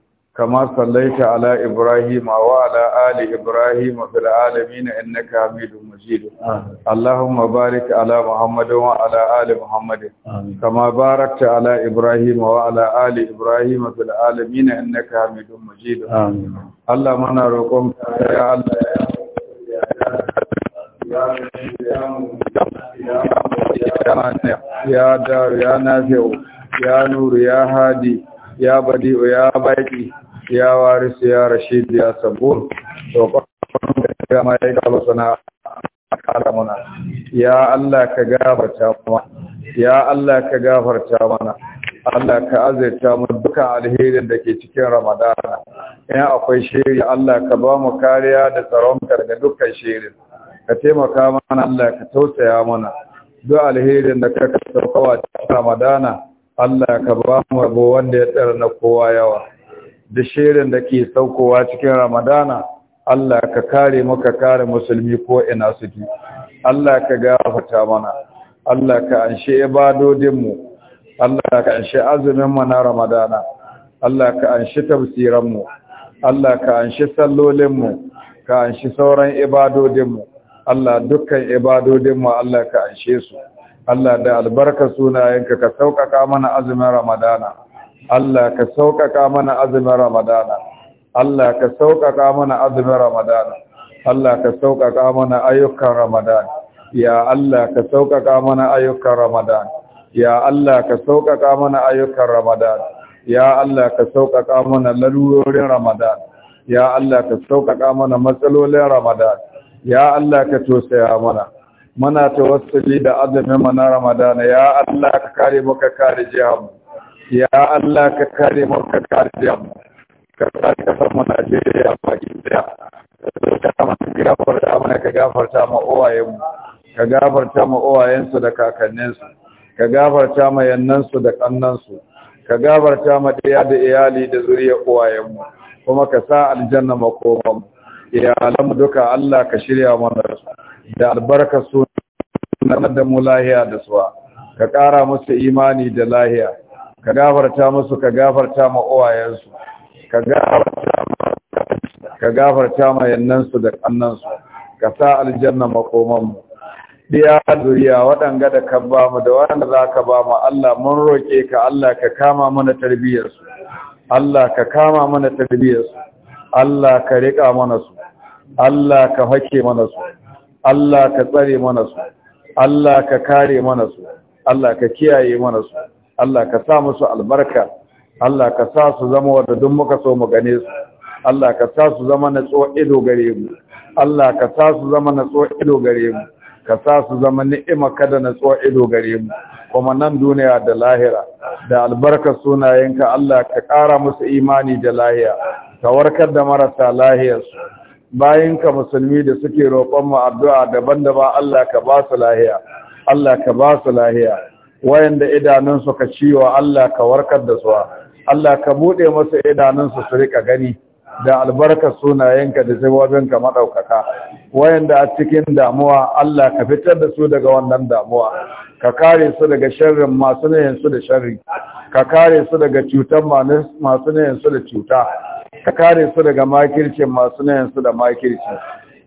Speaker 1: كما صليت على إبراهيم وعلى آل إبراهيم في العالمين إنك حميد مجيد اللهم بارك على محمد وعلى آل محمد كما باركت على إبراهيم وعلى آل إبراهيم في العالمين إنك حميد مجيد اللهم نروكم يا الله يا دار يا نافع يا نور يا هادي يا بديع يا باقي Ya يا وارث يا رشيد يا صبور توقفنا a يقبلنا muna? ya Allah ka gafarta mana ya Allah ka gafarta mana Allah ka azirta mu dukkan alherin da ke cikin Ramadana in akwai shiri Allah ka ba mu kariya da tsaron ka daga dukkan shiri. ka taimaka mana Allah ka tausaya mana duk alherin da ka saukawa cikin Ramadana Allah ka ba mu rabo wanda ya tsara na kowa yawa da shirin da ke saukowa cikin ramadana Allah ka kare muka kare musulmi ko ina suke Allah ka gafarta mana Allah ka anshe ibadodinmu Allah ka anshe azuminmu na ramadana Allah ka anshi tafsiranmu Allah ka anshi sallolinmu ka anshi sauran ibadodinmu Allah dukkan ibadodinmu Allah ka anshe su Allah da albarka sunayenka ka sauƙaƙa mana azumin Ramadana Allah ka sauƙaƙa mana azumin Ramadana Allah ka sauƙaƙa mana azumin Ramadana Allah ka sauƙaƙa mana ayyukan Ramadan ya Allah ka sauƙaƙa mana ayyukan Ramadan ya Allah ka sauƙaƙa mana ayyukan Ramadan ya Allah ka sauƙaƙa mana lalurorin Ramadan ya Allah ka sauƙaƙa mana matsalolin Ramadan ya Allah ka tosaya mana muna tawassuli da azumin mana Ramadan ya Allah ka kare mu ka kare jihar mu ya Allah ka kare mu ka kare mu ka kare ka samu Najeriya baki daya ka kama gafarta mana ka gafarta ma uwaye mu ka gafarta ma uwayen su da kakannin su ka gafarta ma yannan su da kannan su ka gafarta ma daya da iyali da zuriya uwayen mu kuma ka sa aljanna makoman mu iyalan duka Allah ka shirya mana da albarka su na da mu lahiya da suwa ka kara musu imani da lahiya ka gafarta musu ka gafarta ma uwayensu ka gafarta ka gafarta ma yannansu da kannansu ka sa aljanna makoman mu diya duriya waɗanga da ka ba mu da waɗanda za ka ba mu Allah mun roƙe ka Allah ka kama mana su. Allah ka kama mana su. Allah ka riƙa mana su Allah ka hake mana su Allah ka tsare mana su Allah ka kare mana su Allah ka kiyaye mana su Allah ka sa musu albarka Allah ka sa su zama wanda duk muka so mu gane su Allah ka sa su zama na tso ido gare mu Allah ka sa su zama na tso ido gare mu ka sa su zama ni'ima kada na tso ido gare mu kuma nan duniya da lahira da albarkar sunayenka Allah ka ƙara musu imani da lahiya ka warkar da marasa lahiyarsu ka musulmi da suke roƙon mu addu'a daban-daban Allah ka ba su lahiya Allah ka ba su lahiya wayanda idanun ka ciwa Allah ka warkar da su Allah ka bude musu idanun su su rika gani da albarkar sunayenka da sabobinka madaukaka wayanda a cikin damuwa Allah ka fitar da su daga wannan damuwa ka kare su daga sharrin masu nayin su da sharri ka kare su daga cutar masu nayin su da cuta ka kare su daga makircin masu nayin su da makirci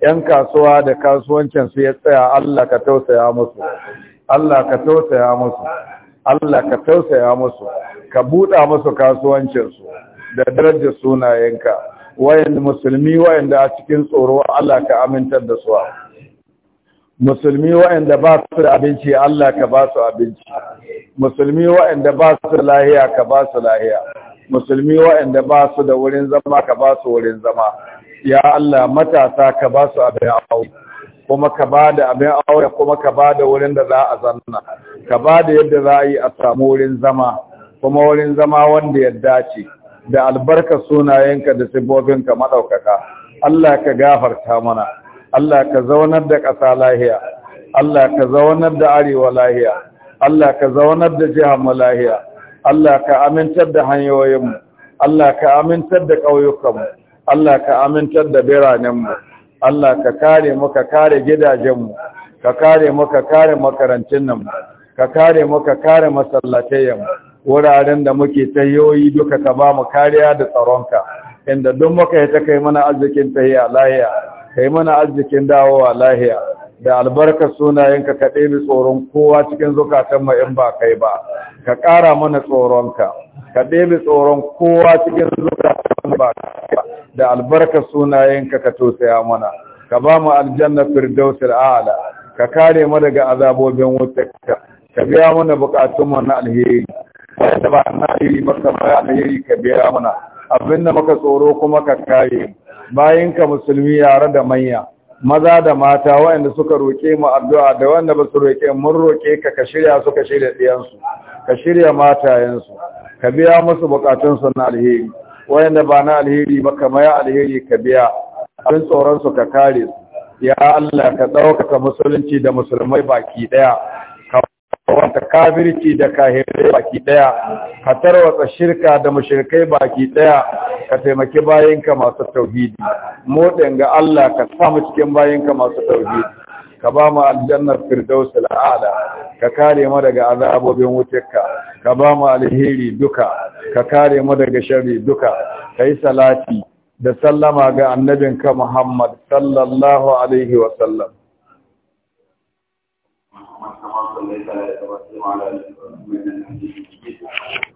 Speaker 1: yan kasuwa da kasuwancin su ya tsaya Allah ka tausaya musu Allah ka tausaya musu Allah ka tausaya musu ka buɗa musu kasuwancinsu da daraja sunayenka wayan musulmi wayanda a cikin tsoro Allah ka amintar da su musulmi wayanda ba su da abinci Allah ka ba su abinci musulmi wayanda ba su lahiya ka ba su lahiya musulmi wayanda ba su da wurin zama ka ba su wurin zama ya Allah matasa ka ba su abin aure kuma ka ba da abin aure kuma ka ba da wurin da za a zanna ka ba da yadda za a yi a samu wurin zama kuma wurin zama wanda ya dace da albarka sunayenka da siffofinka maɗaukaka Allah ka gafarta mana Allah ka zaunar da ƙasa lahiya Allah ka zaunar da arewa lahiya Allah ka zaunar da jihar mu lahiya Allah ka amintar da hanyoyinmu Allah ka amintar da ƙauyukanmu Allah ka amintar da biranenmu Allah ka kare mu ka kare gidajenmu ka kare mu ka kare makarantun ka kare mu ka kare masallatayen wuraren da muke tayoyi duka ka ba mu kariya da tsaronka inda duk muka yi ta kai mana arzikin tahiya lahiya kai mana arzikin dawowa lahiya da albarkar sunayenka ka ɗebe tsoron kowa cikin zukatan mu in ba kai ba ka ƙara mana tsoronka ka ɗebe tsoron kowa cikin zukatan ba da albarka sunayenka ka tosaya mana ka ba mu aljanna firdausil a'la ka kare mu daga azabobin wutarka ka biya mana bukatun mu na alheri da ba na alheri maka ba alheri ka biya mana abin da muka tsoro kuma ka kare bayan ka musulmi yare da manya maza da mata waɗanda suka roƙe mu addu'a da wanda ba su roƙe mun roke ka ka shirya su ka shirya ɗiyansu ka shirya matayensu ka biya musu bukatunsu na alheri wayanda ba na alheri ba ka maya alheri ka biya abin tsoronsu ka kare su ya Allah ka ɗaukaka musulunci da musulmai baki ɗaya ka wata kafirci da kahirai baki ɗaya ka tarwatsa shirka da mushirkai baki ɗaya ka taimaki bayanka masu tauhidi mu ga Allah ka samu cikin bayanka masu tauhidi ka ba mu aljannar firdaus al'ala ka kare mu daga azabobin wutarka ka ba mu alheri duka ka kare mu daga sharri duka kai salati da sallama ga annabinka Muhammad sallallahu alaihi wa sallam